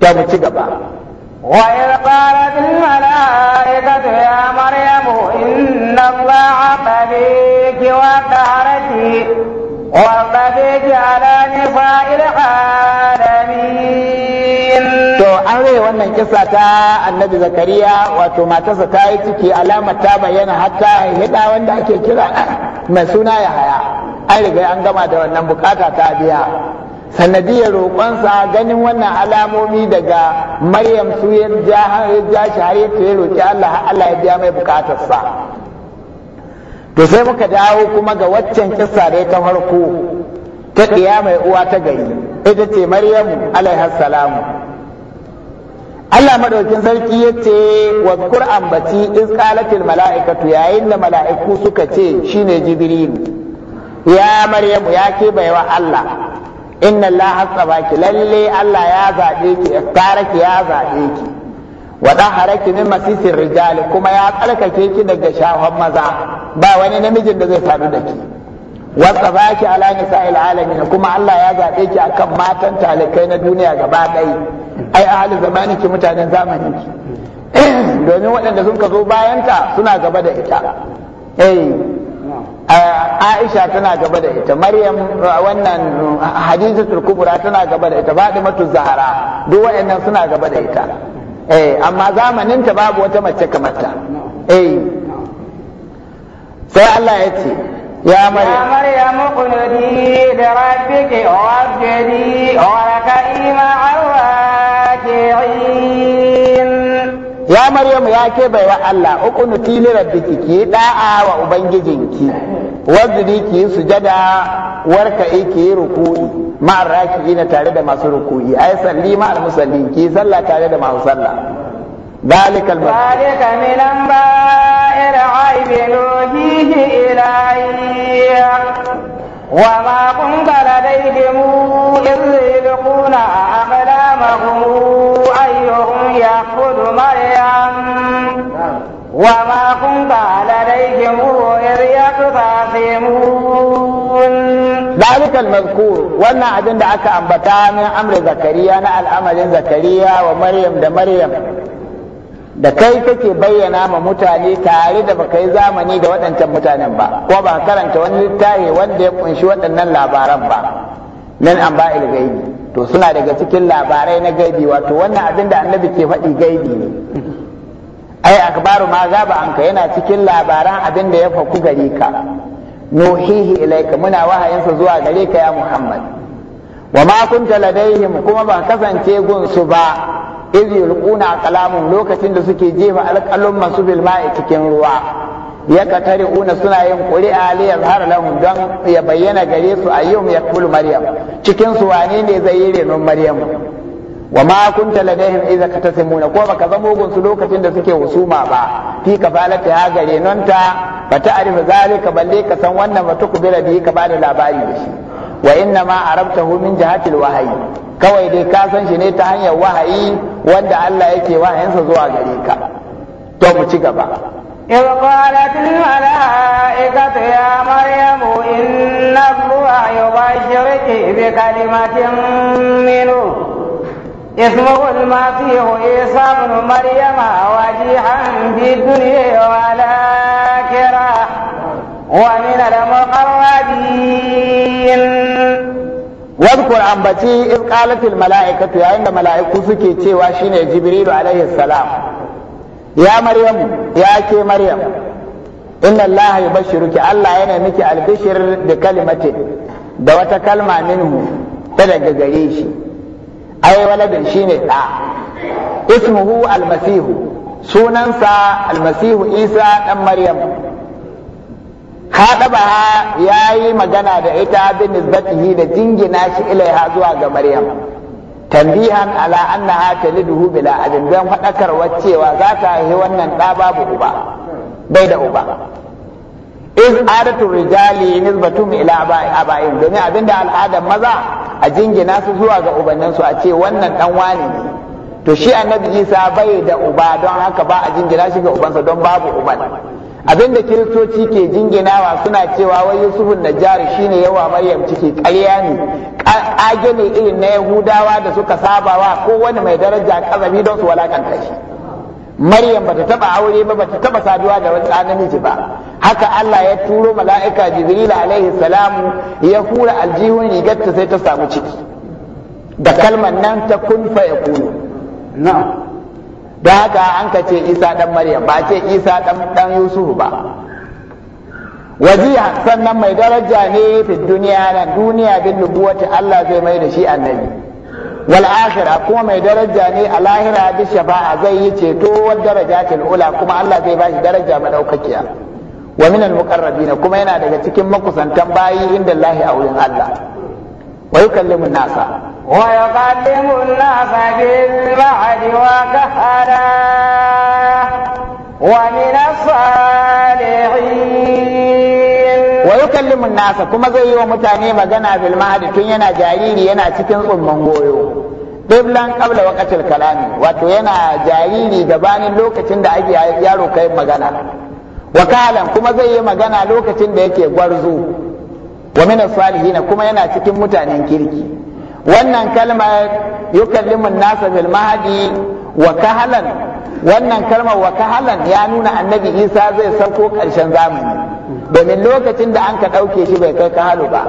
ta mu ci gaba وإذ قالت الملائكة يا مريم إن الله قبيك an wannan kisa ta annabi zakariya wato matarsa ta yi ciki alamar ta bayyana hatta haihuda wanda ake kira mai suna ya haya an riga an gama da wannan bukata ta biya sanadiyar roƙonsa ganin wannan alamomi daga maryam su ya ja shi har yadda ya roƙi allah allah ya biya mai bukatarsa to sai muka dawo kuma ga waccan kisa da ta farko ta ɗiya mai uwa ta gari ita ce maryamu alaihi Allah madaukin sarki ya ce wa Qur'an bati iz mala'ikatu yayin da mala'iku suka ce shine Jibril ya Maryamu ya ke baiwa Allah inna Allah hasabaki lalle Allah ya zabe ki iftaraki ya zabe ki wa daharaki min masisir rijal kuma ya tsarkake ki daga shahon maza ba wani namijin da zai faru da ki wa tsabaki ala nisa'il alamin kuma Allah ya zabe ki akan matan talikai na duniya gaba ɗaya ai ahalin zamanin ki mutanen zamanin ki domin waɗanda sun ka zo bayanta suna gaba da ita eh Aisha tana gaba da ita Maryam wannan Hadizatul Kubra tana gaba da ita Fatimatu Zahra duk waɗannan suna gaba da ita eh amma zamanin ta babu wata mace kamar ta eh sai Allah ya ce يا مريم يا مريم اقنتي لربك واسجدي وركعي مع ya maryamu ya ke wa Allah uqnuti li rabbiki ki da'a wa ubangijinki wazuri ki sujada warka ki ruku'i ma'ar na tare da masu ruku'i ai salli ma'al musallin ki sallah tare da masu sallah ذلك الباب ذلك من انباء الغيب نوحيه اليك وما كنت لديهم a يلقون اقلامهم مريم وما كنت لديهم إذ يتخاصمون ذلك المذكور وانا عدن دا اكا امبتا من امر زكريا نا الامر زكريا ومريم دا مريم da kai kake bayyana ma mutane tare da baka yi zamani da waɗancan mutanen ba ko ba karanta wani littafi wanda ya kunshi waɗannan labaran ba nan an ba ilgaini to suna daga cikin labarai na gaibi wato wannan abin da annabi ke faɗi gaibi ne ai akbaru ma gaba anka yana cikin labaran abin da ya faku gare ka nuhihi ilaika muna wahayinsa zuwa gare ka ya muhammad wa ma kunta ladaihim kuma ba kasance gun su ba idh yulquna kalamun lokacin da suke jefa alqalum masu bil ma'i cikin ruwa ya katari una suna yin ƙuri'a li yazhara lahum don ya bayyana gare su ayyum yakulu maryam cikin su wane ne zai yi renon maryam wa ma kunta ladaihim idza katasimuna ko baka zama mugun su lokacin da suke husuma ba fi kafalati ha gare non ta ba ta arifa zalika balle ka san wannan ba tukubira bi ka bada labari da shi wa inna ma arabtahu min jihatil wahayi kawai dai ka san shi ne ta hanyar wahayi wanda Allah yake wahayinsa zuwa gare ka to mu ci gaba إذ قالت الملائكة يا مريم إن الله يبشرك بكلمة منه اسمه المسيح عيسى ابن مريم وجيها في الدنيا والآخرة ومن المقربين واذكر أنبتي إذ قالت الملائكة عند ملائكة سكي تيوا شين جبريل عليه السلام ya maryam ya ke maryam inna allah yubashshiruki allah yana miki albishir da kalimatin da wata kalma minhu ta daga gare shi ai waladin shine da ismuhu almasihu sunansa almasihu isa dan maryam haɗabaha ya yi magana da ita bin nisbatihi da jingina shi ilaiha zuwa ga maryam tanbihan ala annaha taliduhu bila abin don faɗakarwa cewa za ta haihi wannan ɗa babu uba bai da uba iz adatu rijali nisbatu ila abain domin abinda al'adar maza a jingina su zuwa ga ubannin su a ce wannan dan wani ne to shi annabi Isa bai da uba don haka ba a jingina shi ga ubansa don babu uban abinda kiristoci ke jinginawa suna cewa wai yusufun najjar shine yawa maryam ciki ƙarya ne ƙage ne irin na yahudawa da suka sabawa ko wani mai daraja kazabi don su walakanta shi maryam bata taba aure ba bata taba saduwa da wani ɗan namiji ba haka Allah ya turo mala'ika jibril alaihi salamu ya hura aljihun rigarta sai ta samu ciki da kalmar nan ta kun fa na'am Da haka an ka ce isa dan maryam ba ce isa dan dan yusufu ba wajiha sannan mai daraja ne fi duniya na duniya bin nubuwati Allah zai mai da shi annabi wal akhirah kuma mai daraja ne a lahira bi shafa'a zai yi ceto daraja darajatil ula kuma Allah zai bashi daraja daukakiya wa min al muqarrabin kuma yana daga cikin makusantan bayi inda Allah a wurin Allah ويكلم الناس ويكلم الناس في المعد وكهلا ومن الصالحين ويكلم الناس كما زي ومتاني مغنى في المهد تن ينا جاريري ينا تكن من غويو Biblan kabla wakatil kalami wato yana jariri gabanin lokacin da ake yaro kai magana wakalan kuma zai yi magana lokacin da yake gwarzo wa min as-salihin kuma yana cikin mutanen kirki wannan kalma yukallimu an-nasa bil mahdi wa kahalan wannan kalmar wa kahalan ya nuna annabi Isa zai sauko karshen zamani domin lokacin da an ka ɗauke shi bai kai kahalu ba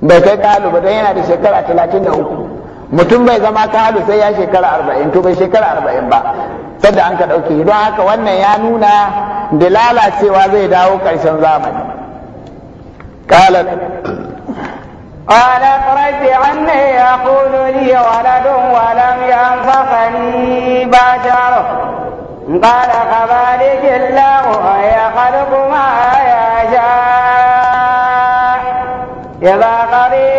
bai kai kahalu ba don yana da shekara talatin da uku mutum bai zama kahalu sai ya shekara arba'in to bai shekara arba'in ba sadda an ka ɗauke shi don haka wannan ya nuna da lalacewa zai dawo ƙarshen zamani قالت قالت رب عني يقول لي ولد ولم ينفخني بشر قال كذلك الله يخلق ما يشاء إذا قضي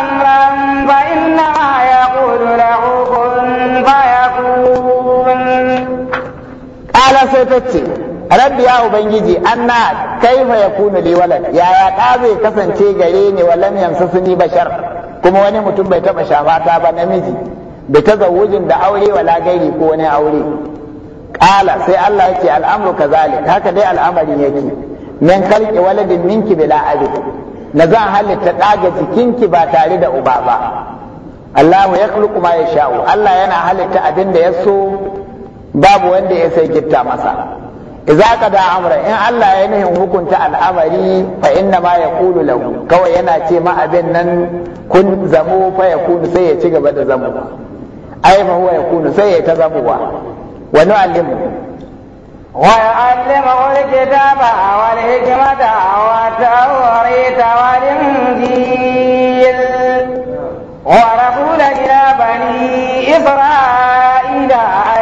أمرا فإنما يقول له كن فيكون قال ستتي rabbi ya ubangiji anna kaifa yakunu li walad yaya ta zai kasance gare ni walam yamsasuni bashar kuma wani mutum bai taba shafata ba namiji da tazawujin da aure wala gairi ko wani aure qala sai Allah yake al'amru kazalik haka dai al'amarin yake min khalqi waladin minki bila abi na zan halitta daga jikinki ba tare da uba ba Allahu yakhluqu ma yasha'u Allah yana halitta abin da ya so babu wanda ya sai gitta masa idza qada amra in Allah ya nahin hukunta al'amari fa inna ma yaqulu lahu kawai yana ce ma abin nan kun zamo fa ya yakunu sai ya ci gaba da zamo ai fa huwa yakunu sai ya ta zamuwa wa nu'allimu wa ya'allimu al-kitaba wal hikmata wa tawrita wal injil wa rasulan ila bani isra'ila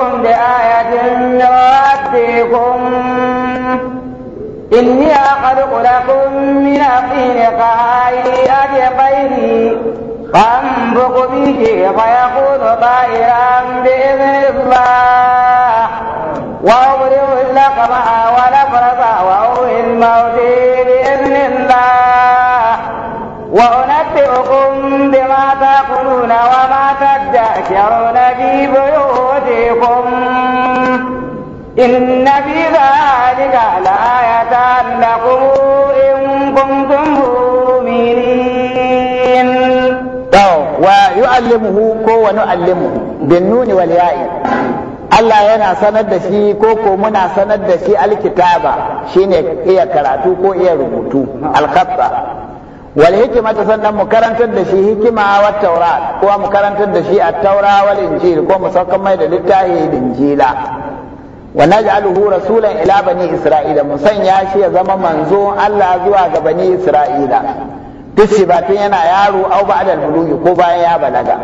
جئتكم بآية من ربكم إني أخلق لكم من الطين كهيئة طيري فانفق به فيكون طائرا بإذن الله وأبرئ اللقمة والأبرص وأوهي الموت بإذن الله وأنبئكم بما تقولون وما تدأكرون في بيوتكم إن في ذلك لآية لكم إن كنتم مؤمنين ويعلمه كو ونعلمه بالنون والياء Allah yana sanar da shi ko ko muna sanar da shi alkitaba shine iya karatu ko iya rubutu alkhatta wal hikimata sannan mu karantar da shi hikima wa taura ko mu karantar da shi a taura wal injil ko mu saukan mai da littafi da injila wa naj'aluhu rasulan ila bani isra'ila mu sanya shi ya zama manzo Allah zuwa ga bani isra'ila duk batun yana yaro au ba'da bulugi ko bayan ya balaga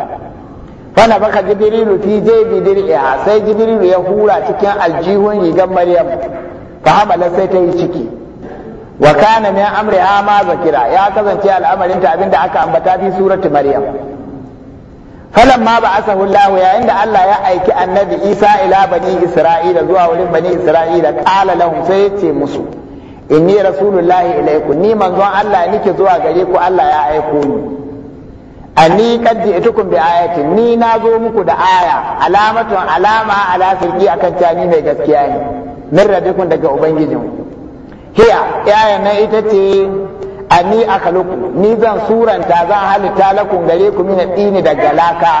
fana baka jibrilu fi jaybi a, sai jibrilu ya hura cikin aljihun rigar maryam fa hamala sai ta yi ciki wa kana min amri ma zakira ya kasance al'amarin ta abinda aka ambata fi suratu maryam falamma ba'athahu Allah yayin da Allah ya aiki annabi Isa ila bani Isra'ila zuwa wurin bani Isra'ila qala lahum sai yace musu inni rasulullahi ilaikum ni manzon Allah nike zuwa gare ku Allah ya aiko ni anni qad ji'tukum bi ayatin ni na zo muku da aya alamatun alama ala sirri akan tani mai gaskiya ne min rabbikum daga ubangijinku hiya 'ya'ya na ita ce ani akhluqu ni zan suranta zan halitta lakum gare ku min ɗini da galaka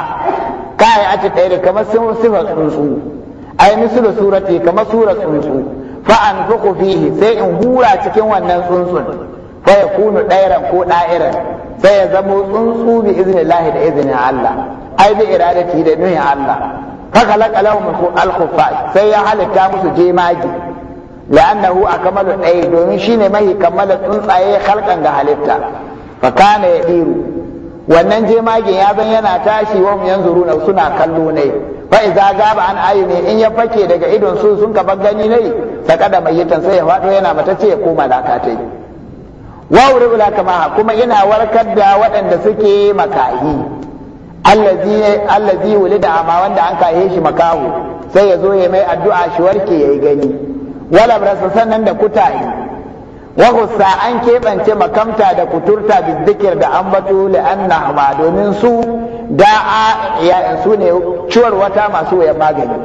kai a ce ɗaya kamar sifar tsuntsu ai da surati kamar sura tsuntsu fa an anfuqu fihi sai in hura cikin wannan tsuntsun fa ya kunu ɗairan ko ɗa'iran sai ya zamo tsuntsu bi iznillahi da iznin Allah ai bi iradati da nuhin Allah fa khalaqa lahum al sai ya halitta musu jemagi la'annahu akmalu ɗaya domin shine mai kammala tsuntsaye halkan ga halitta fa kana ya diru wannan jemage ya zan yana tashi wa yanzu runa suna kallo ne fa idza gaba an ayuni in ya fake daga idon su sun ka gani ne sakada mayitan sai ya fado yana matacce ya koma lakatai wa urula kama kuma yana warkar da waɗanda suke makahi allazi allazi wulida amma wanda an kaye shi makaho. sai ya zo ya mai addu'a shi warke yayi gani wala brasa sannan da kutaye wa gusa an keɓance makamta da kuturta bizzikir da an batu li'anna ma domin su da'a ya su ne ciwar wata masu wayan magani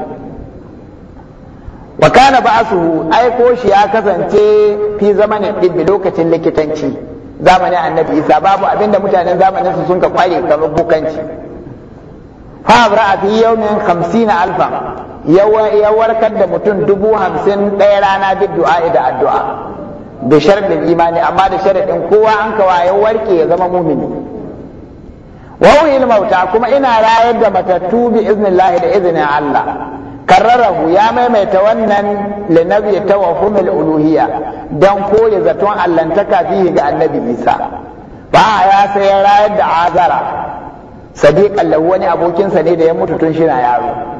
wa kana ai aiko shi ya kasance fi zamanin dibbi lokacin likitanci zamanin annabi isa babu abinda mutanen zamanin su sun ka kware kamar bukanci fa abra'a fi yawmin 50 alfa ya warkar da mutum dubu hamsin ɗaya rana duk du'a da addu'a da sharɗin imani amma da sharɗin kowa an kawa ya warke ya zama mumini wawil mauta kuma ina rayar da matattu bi iznillahi da izinin Allah karrarahu ya maimaita wannan linabi humil uluhiyya don koya zaton allantaka fihi ga annabi Isa ba ya sai ya rayar da azara sadiqan lahu wani abokinsa ne da ya mutu tun shi na yaro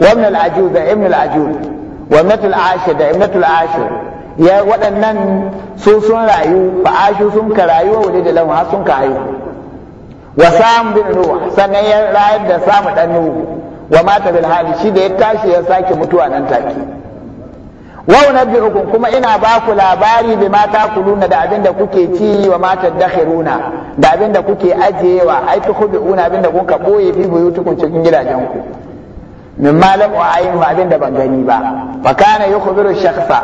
وابن العجوز ده ابن العجوز وابنة العاشر ده ابنة العاشر ya waɗannan su sun rayu fa'ashu sun ka rayu wa wuli da lamu har sun ka haihu wa bin nuh sannan ya rayar da samu dan nuh wa mata bil shi da ya tashi ya sake mutuwa nan take wa unabbi'ukum kuma ina baku ku labari bi ma takuluna da abin da kuke ci wa ma tadakhiruna da abin da kuke ajiyewa ai tukhbi'una abin da kun ka boye bi buyutukum cikin gidajenku min malam wa ainihu abinda ban gani ba fa kana yukhbiru shakhsa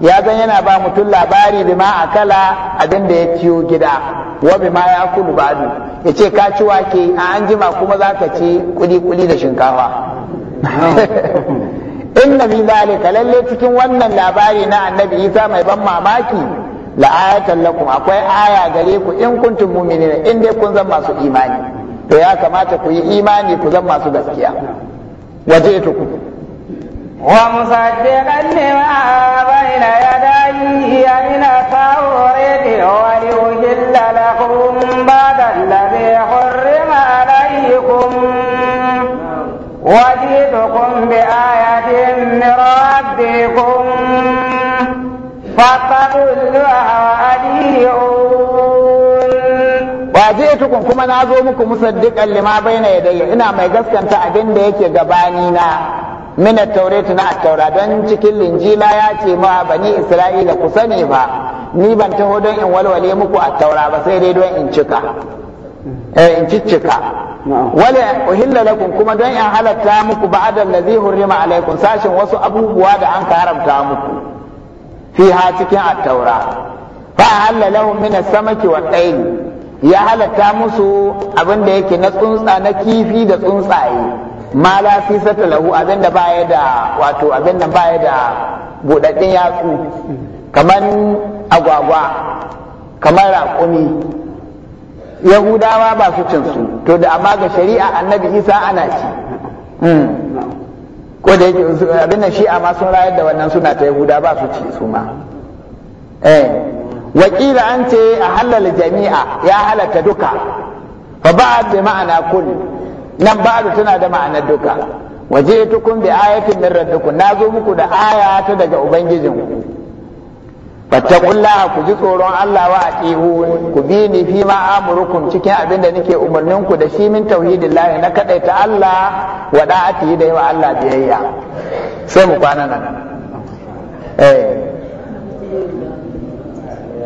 ya zan yana ba mutum labari bima akala abinda ya ciyo gida wa bima ya kulu badu yace ka ci wake a an jima kuma zaka ci kuli kuli da shinkafa inna fi zalika lalle cikin wannan labari na annabi Isa mai ban mamaki la ayatan lakum akwai aya gare ku in kuntum mu'minina in dai kun zan masu imani to ya kamata ku yi imani ku zan masu gaskiya وجئتكم ومصدقا لما بين يدي من التوريد ولأجل لكم بعد الذي حرم عليكم وجئتكم بآية من ربكم فاتقوا الله وأديعوا wa ji'tukum kuma na zo muku musaddiqan lima bayna yadayya ina mai gaskanta abin da yake gabani na mina at na at-taura don cikin linjila ya ce ma bani isra'ila ku sani ba ni ban taho don in walwale muku at-taura ba sai dai don in cika eh in ciccika wala uhilla lakum kuma don in halatta muku ba adam allazi hurrima alaikum sashin wasu abubuwa da an haramta muku fiha cikin at-taura fa halala lahum min as-samaki wa ya halatta musu abin da yake na tsuntsa na kifi da tsuntsaye ma la fi lahu abin da baya da wato abin da baya da budaddin yatsu kamar agwagwa kamar raƙumi yahudawa ba su cin su to da amma ga shari'a annabi isa ana ci hmm. ko da yake abin da shi'a ma sun rayar da wannan suna ta yahuda ba su ci su ma eh wakila an ce a halal jami'a ya halaka duka fa ba'ad bi ma'ana kull nan ba'ad tana da ma'anar duka waje tukun bi ayatin min rabbikum nazo muku da aya ta daga ubangijinku a ku ji tsoron Allah wa atihun ku bi ni fi ma amurukum cikin abin da nake umarnin ku da shi min tauhidillahi na ta Allah wa da'ati da yawa Allah biyayya sai mu kwana nan eh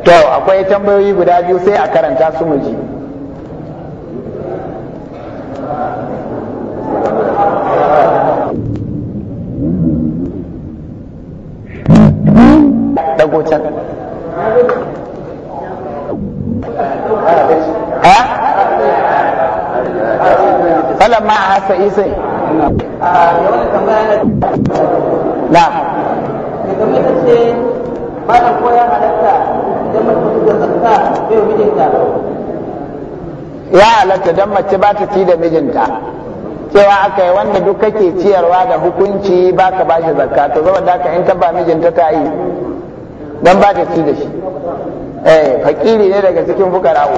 to akwai tambayoyi guda biyu sai a karanta su mu ji can ha hasa na halatta ya halatta dan mace ba ta ci da mijinta cewa aka yi wanda duk kake ciyarwa da hukunci ba ka ba shi zakka to zama da in ka ba mijinta ta yi don ba ta ci da shi eh fakiri ne daga cikin fukara'u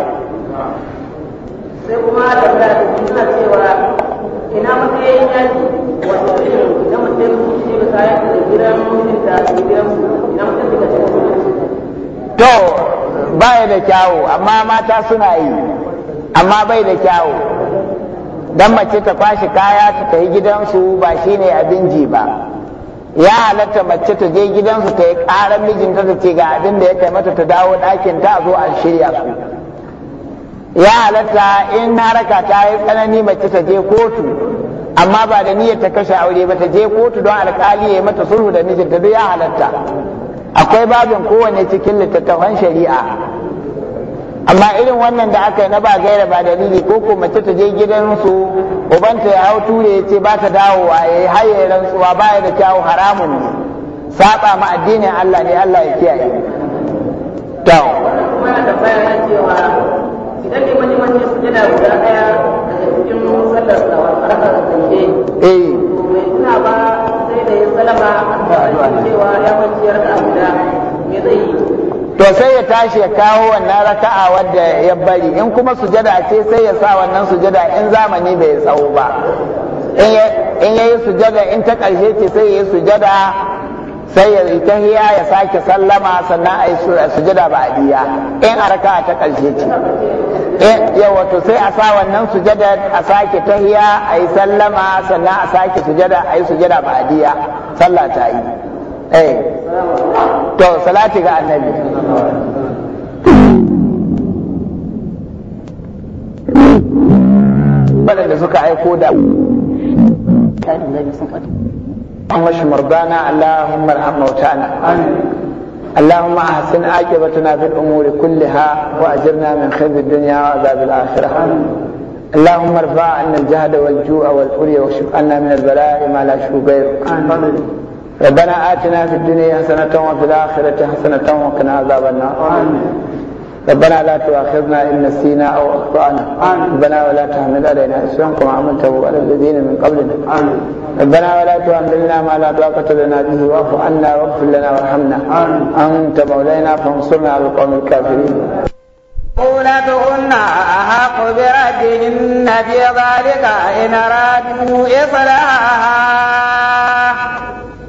sai kuma da suna cewa ina yi wato yi da to baya da kyawu amma mata suna yi amma bai da kyawu dan mace ta kwashi kaya ta tafi gidansu ba shine abin ji ba ya halatta mace ta je gidansu ta yi ƙarar mijinta ta ce ga abin da ya kai mata ta dawo ɗakin ta zo a shirya su ya halatta in haraka ta yi tsanani mace ta je kotu amma ba da niyyar ta kashe aure ba ta je kotu don alƙali ya yi mata sulhu da mijinta duk ya halatta akwai babin kowane cikin littattafan shari'a amma irin wannan da aka yi na ba gaira ba dalili ko ko mace ta je gidansu ubanta ya hau ture ya ce ba ta dawowa ya yi haye rantsuwa baya da kyawu haramun ne saba ma addinin Allah ne Allah ya kiyaye to eh ya to sai ya tashi ya kawo wannan raka'a wadda ya bari in kuma sujada ce sai ya sa wannan sujada in zamani bai tsawo ba in ya yi sujada in ta karshe ce sai ya yi sujada sai ya yi ya sake sallama sannan a yi sujada ba a biya in a raka'a ta karshe ce eh yawa sai a sa wannan sujada a sake tahiya a yi sallama sannan a sake sujada a yi sujada ba'diya sallah ta yi eh to salati ga annabi da suka aiko da kan annabi sun faɗi Allahumma rabbana Allahumma arhamna wa ta'ala اللهم احسن عاقبتنا في الامور كلها واجرنا من خزي الدنيا وعذاب الاخره اللهم ارفع عنا الجهد والجوع والحري واشف عنا من البلاء ما لا يشفو غيره ربنا اتنا في الدنيا حسنه وفي الاخره حسنه وقنا عذاب النار ربنا لا تؤاخذنا إن نسينا أو أخطأنا ربنا ولا تحمل علينا إسرا كما عملته على الذين من قبلنا ربنا ولا تحملنا ما لا طاقة لنا به واعف عنا واغفر لنا وارحمنا أنت مولانا فانصرنا على القوم الكافرين أولادهن أحق بردهن في ذلك إن أرادوا إصلاحا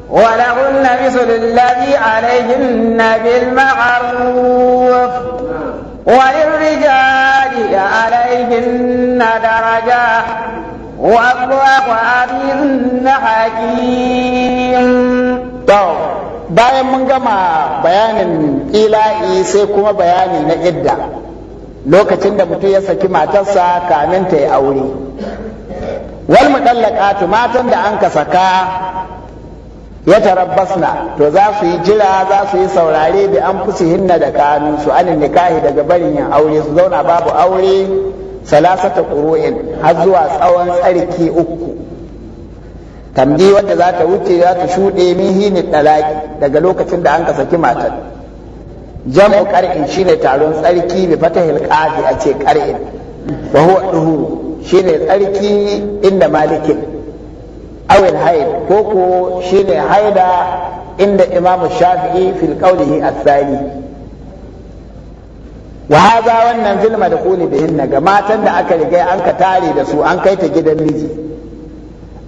ولهن مثل الذي عليهن بالمعروف وللرجال عليهن درجة والله عليم حكيم bayan mun gama bayanin ila'i sai kuma bayani na idda lokacin da mutum ya saki matarsa kamin ta yi aure wal mudallaqatu matan da an ka saka ya tarabbasna to za su yi jira za su yi saurare bi an hinna da kanun su anin nikahi daga barin yin aure su zauna babu aure salasata ƙuru'in har zuwa tsawon tsarki uku tambi wanda za ta wuce za ta shuɗe mihini ɗalaki daga lokacin da an ka saki matar jam'u ƙar'in shine taron tsarki bi fatahil qadi a ce ƙar'in wa huwa shine tsarki inda malikin awil haid ko ko shine haida inda imam shafi'i fil qawlihi athani wa hadha wannan fil madkhuli bihin ga matan da aka riga an ka tare da su an kai ta gidan miji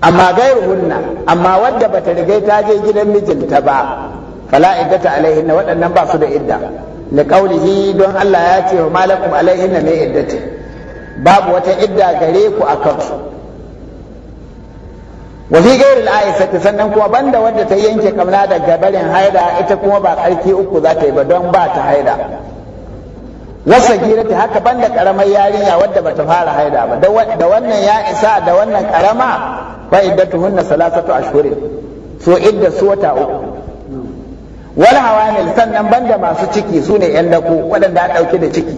amma gairuhunna amma wadda bata riga ta je gidan mijinta ba fala iddata alaihinna waɗannan ba su da idda li qawlihi don Allah ya ce wa malakum alaihinna mai iddati babu wata idda gare ku akan su wa fi gairi al'aisati sannan kuma banda wanda ta yanke kamla daga barin haida ita kuma ba karki uku za ta yi ba don ba ta haida wasa girata haka banda karamar yarinya wadda bata fara haida ba da wannan ya isa da wannan karama fa iddatuhunna salasatu ashhurin so idda su wata uku wal hawanil sannan banda masu ciki sune yan dako waɗanda a ɗauke da ciki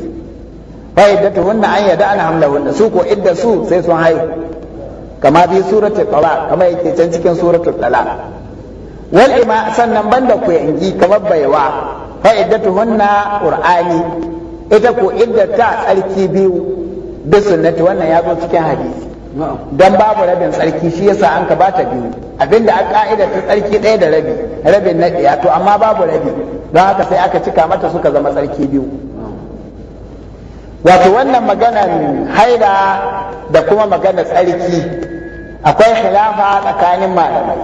fa iddatuhunna an yada an hamlahunna su ko idda su sai sun haihu kama bi suratul tala kama yake can cikin suratul tala wal ima sannan banda kuyangi kamar baiwa fa hunna qur'ani ita ku iddata tsarki biyu da sunnati wannan ya zo cikin hadisi dan babu rabin tsarki shi yasa an ka bata biyu abinda a ka'ida ta tsarki ɗaya da rabi rabin na ɗaya to amma babu rabi don haka sai aka cika mata suka zama tsarki biyu wato wannan maganan haida da kuma maganar tsarki akwai khilafa tsakanin malamai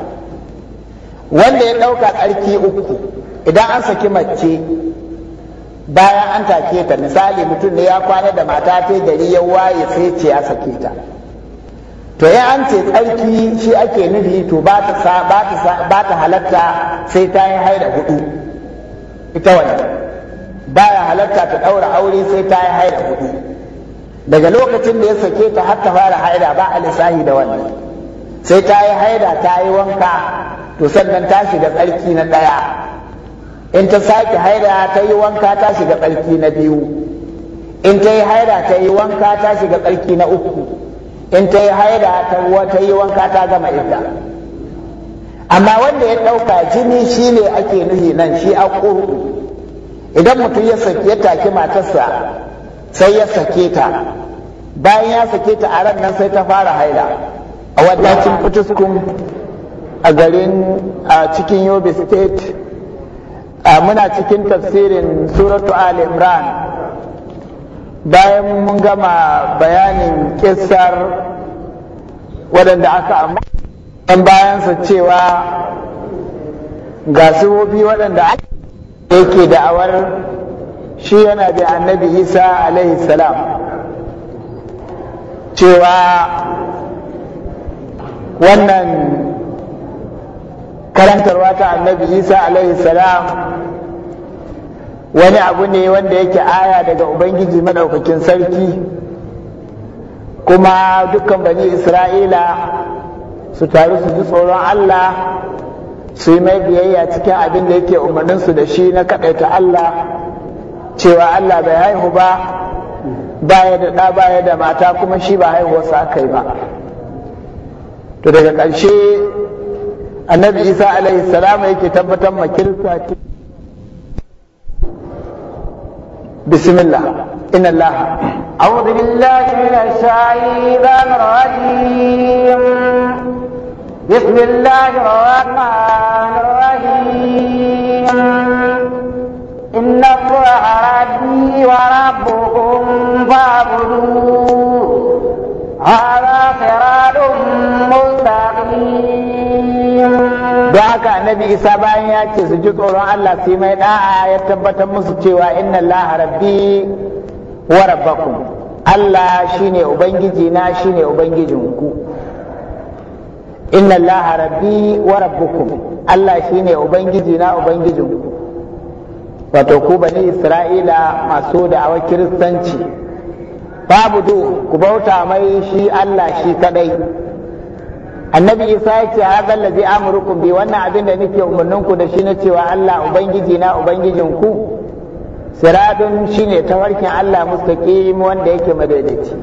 wanda ya ɗauka tsarki uku idan an saki mace bayan an take ta misali mutum ne ya kwana da mata ta gari ya waye sai ce ya sake ta to ya an ce tsarki shi ake nufi to ba ta halatta sai ta yi haida hudu ita wannan baya halarta ta ɗaura aure sai ta yi haida hudu daga lokacin da ya sake ta har ta fara haira ba a lissahi da wannan sai ta yi haida ta yi wanka to sannan ta shiga tsarki na ɗaya in ta sake haira ta yi wanka ta shiga tsarki na biyu in ta yi haida ta yi wanka ta shiga tsarki na uku in ta yi haida ta ta yi wanka ta gama idda amma wanda ya ɗauka jini shi ne ake nuhi nan shi a idan mutum ya take matarsa sai ya sake ta bayan ya sake ta a ran nan sai ta fara haila a wadacin fituskun a garin a cikin yobe state muna cikin tafsirin suratu al imran bayan mun gama bayanin kisar waɗanda aka amma bayansa cewa ga waɗanda aka yake da'awar shi yana bi annabi isa alaihi salam cewa wannan karantarwa ta annabi isa alaihi salam wani abu ne wanda yake aya daga ubangiji madaukakin sarki kuma dukkan bani isra'ila su taru su ji tsoron allah su mai biyayya cikin abin da yake umarninsu da shi na kaɗaita Allah cewa Allah bai haihu ba baya da ɗa baya da mata kuma shi ba haihuwarsa aka yi ba to daga ƙarshe annabi isa alaihi salama yake tabbatar ma kirista bismillah inna allah أعوذ بالله من الشيطان الرجيم بسم الله الرحمن الرحيم إن الله ربي وربكم فاعبدوه هذا صراط مستقيم don haka annabi isa bayan ya ce su ji tsoron Allah sai mai da'a ya tabbatar musu cewa inna Allah rabbi wa rabbakum Allah shine ubangiji na shine ubangijinku inna allaha rabbi wa rabbukum Allah ne ubangiji na ubangijin wato ku bani isra'ila masu awa kiristanci babudu ku bauta mai shi Allah shi kadai annabi isa ya ce hadha allazi ku bi wannan abin da nake umarninku da shi na cewa Allah ubangiji na ubangijin ku siradun ta warkin Allah mustaqim wanda yake madaidaici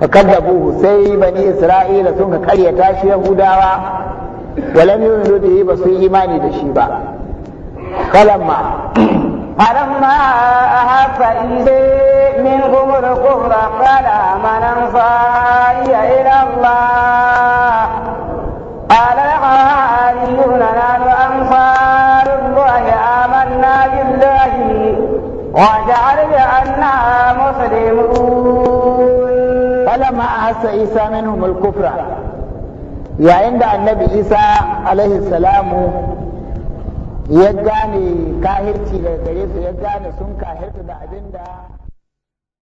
fakadabuhu sai bani isra'ila sun ka karyata shi yahudawa walam yu'minu bihi ba su imani da shi ba falamma فلما أحب إليه منهم الكفر قال من أنصاري إلى الله قال الحواريون نحن أنصار الله آمنا بالله وجعل بأنا مسلمون hasa isa minhum al-kufra yayin da annabi isa alaihi salamu ya gane kahirci daga gare su ya gane sun kahirta da abinda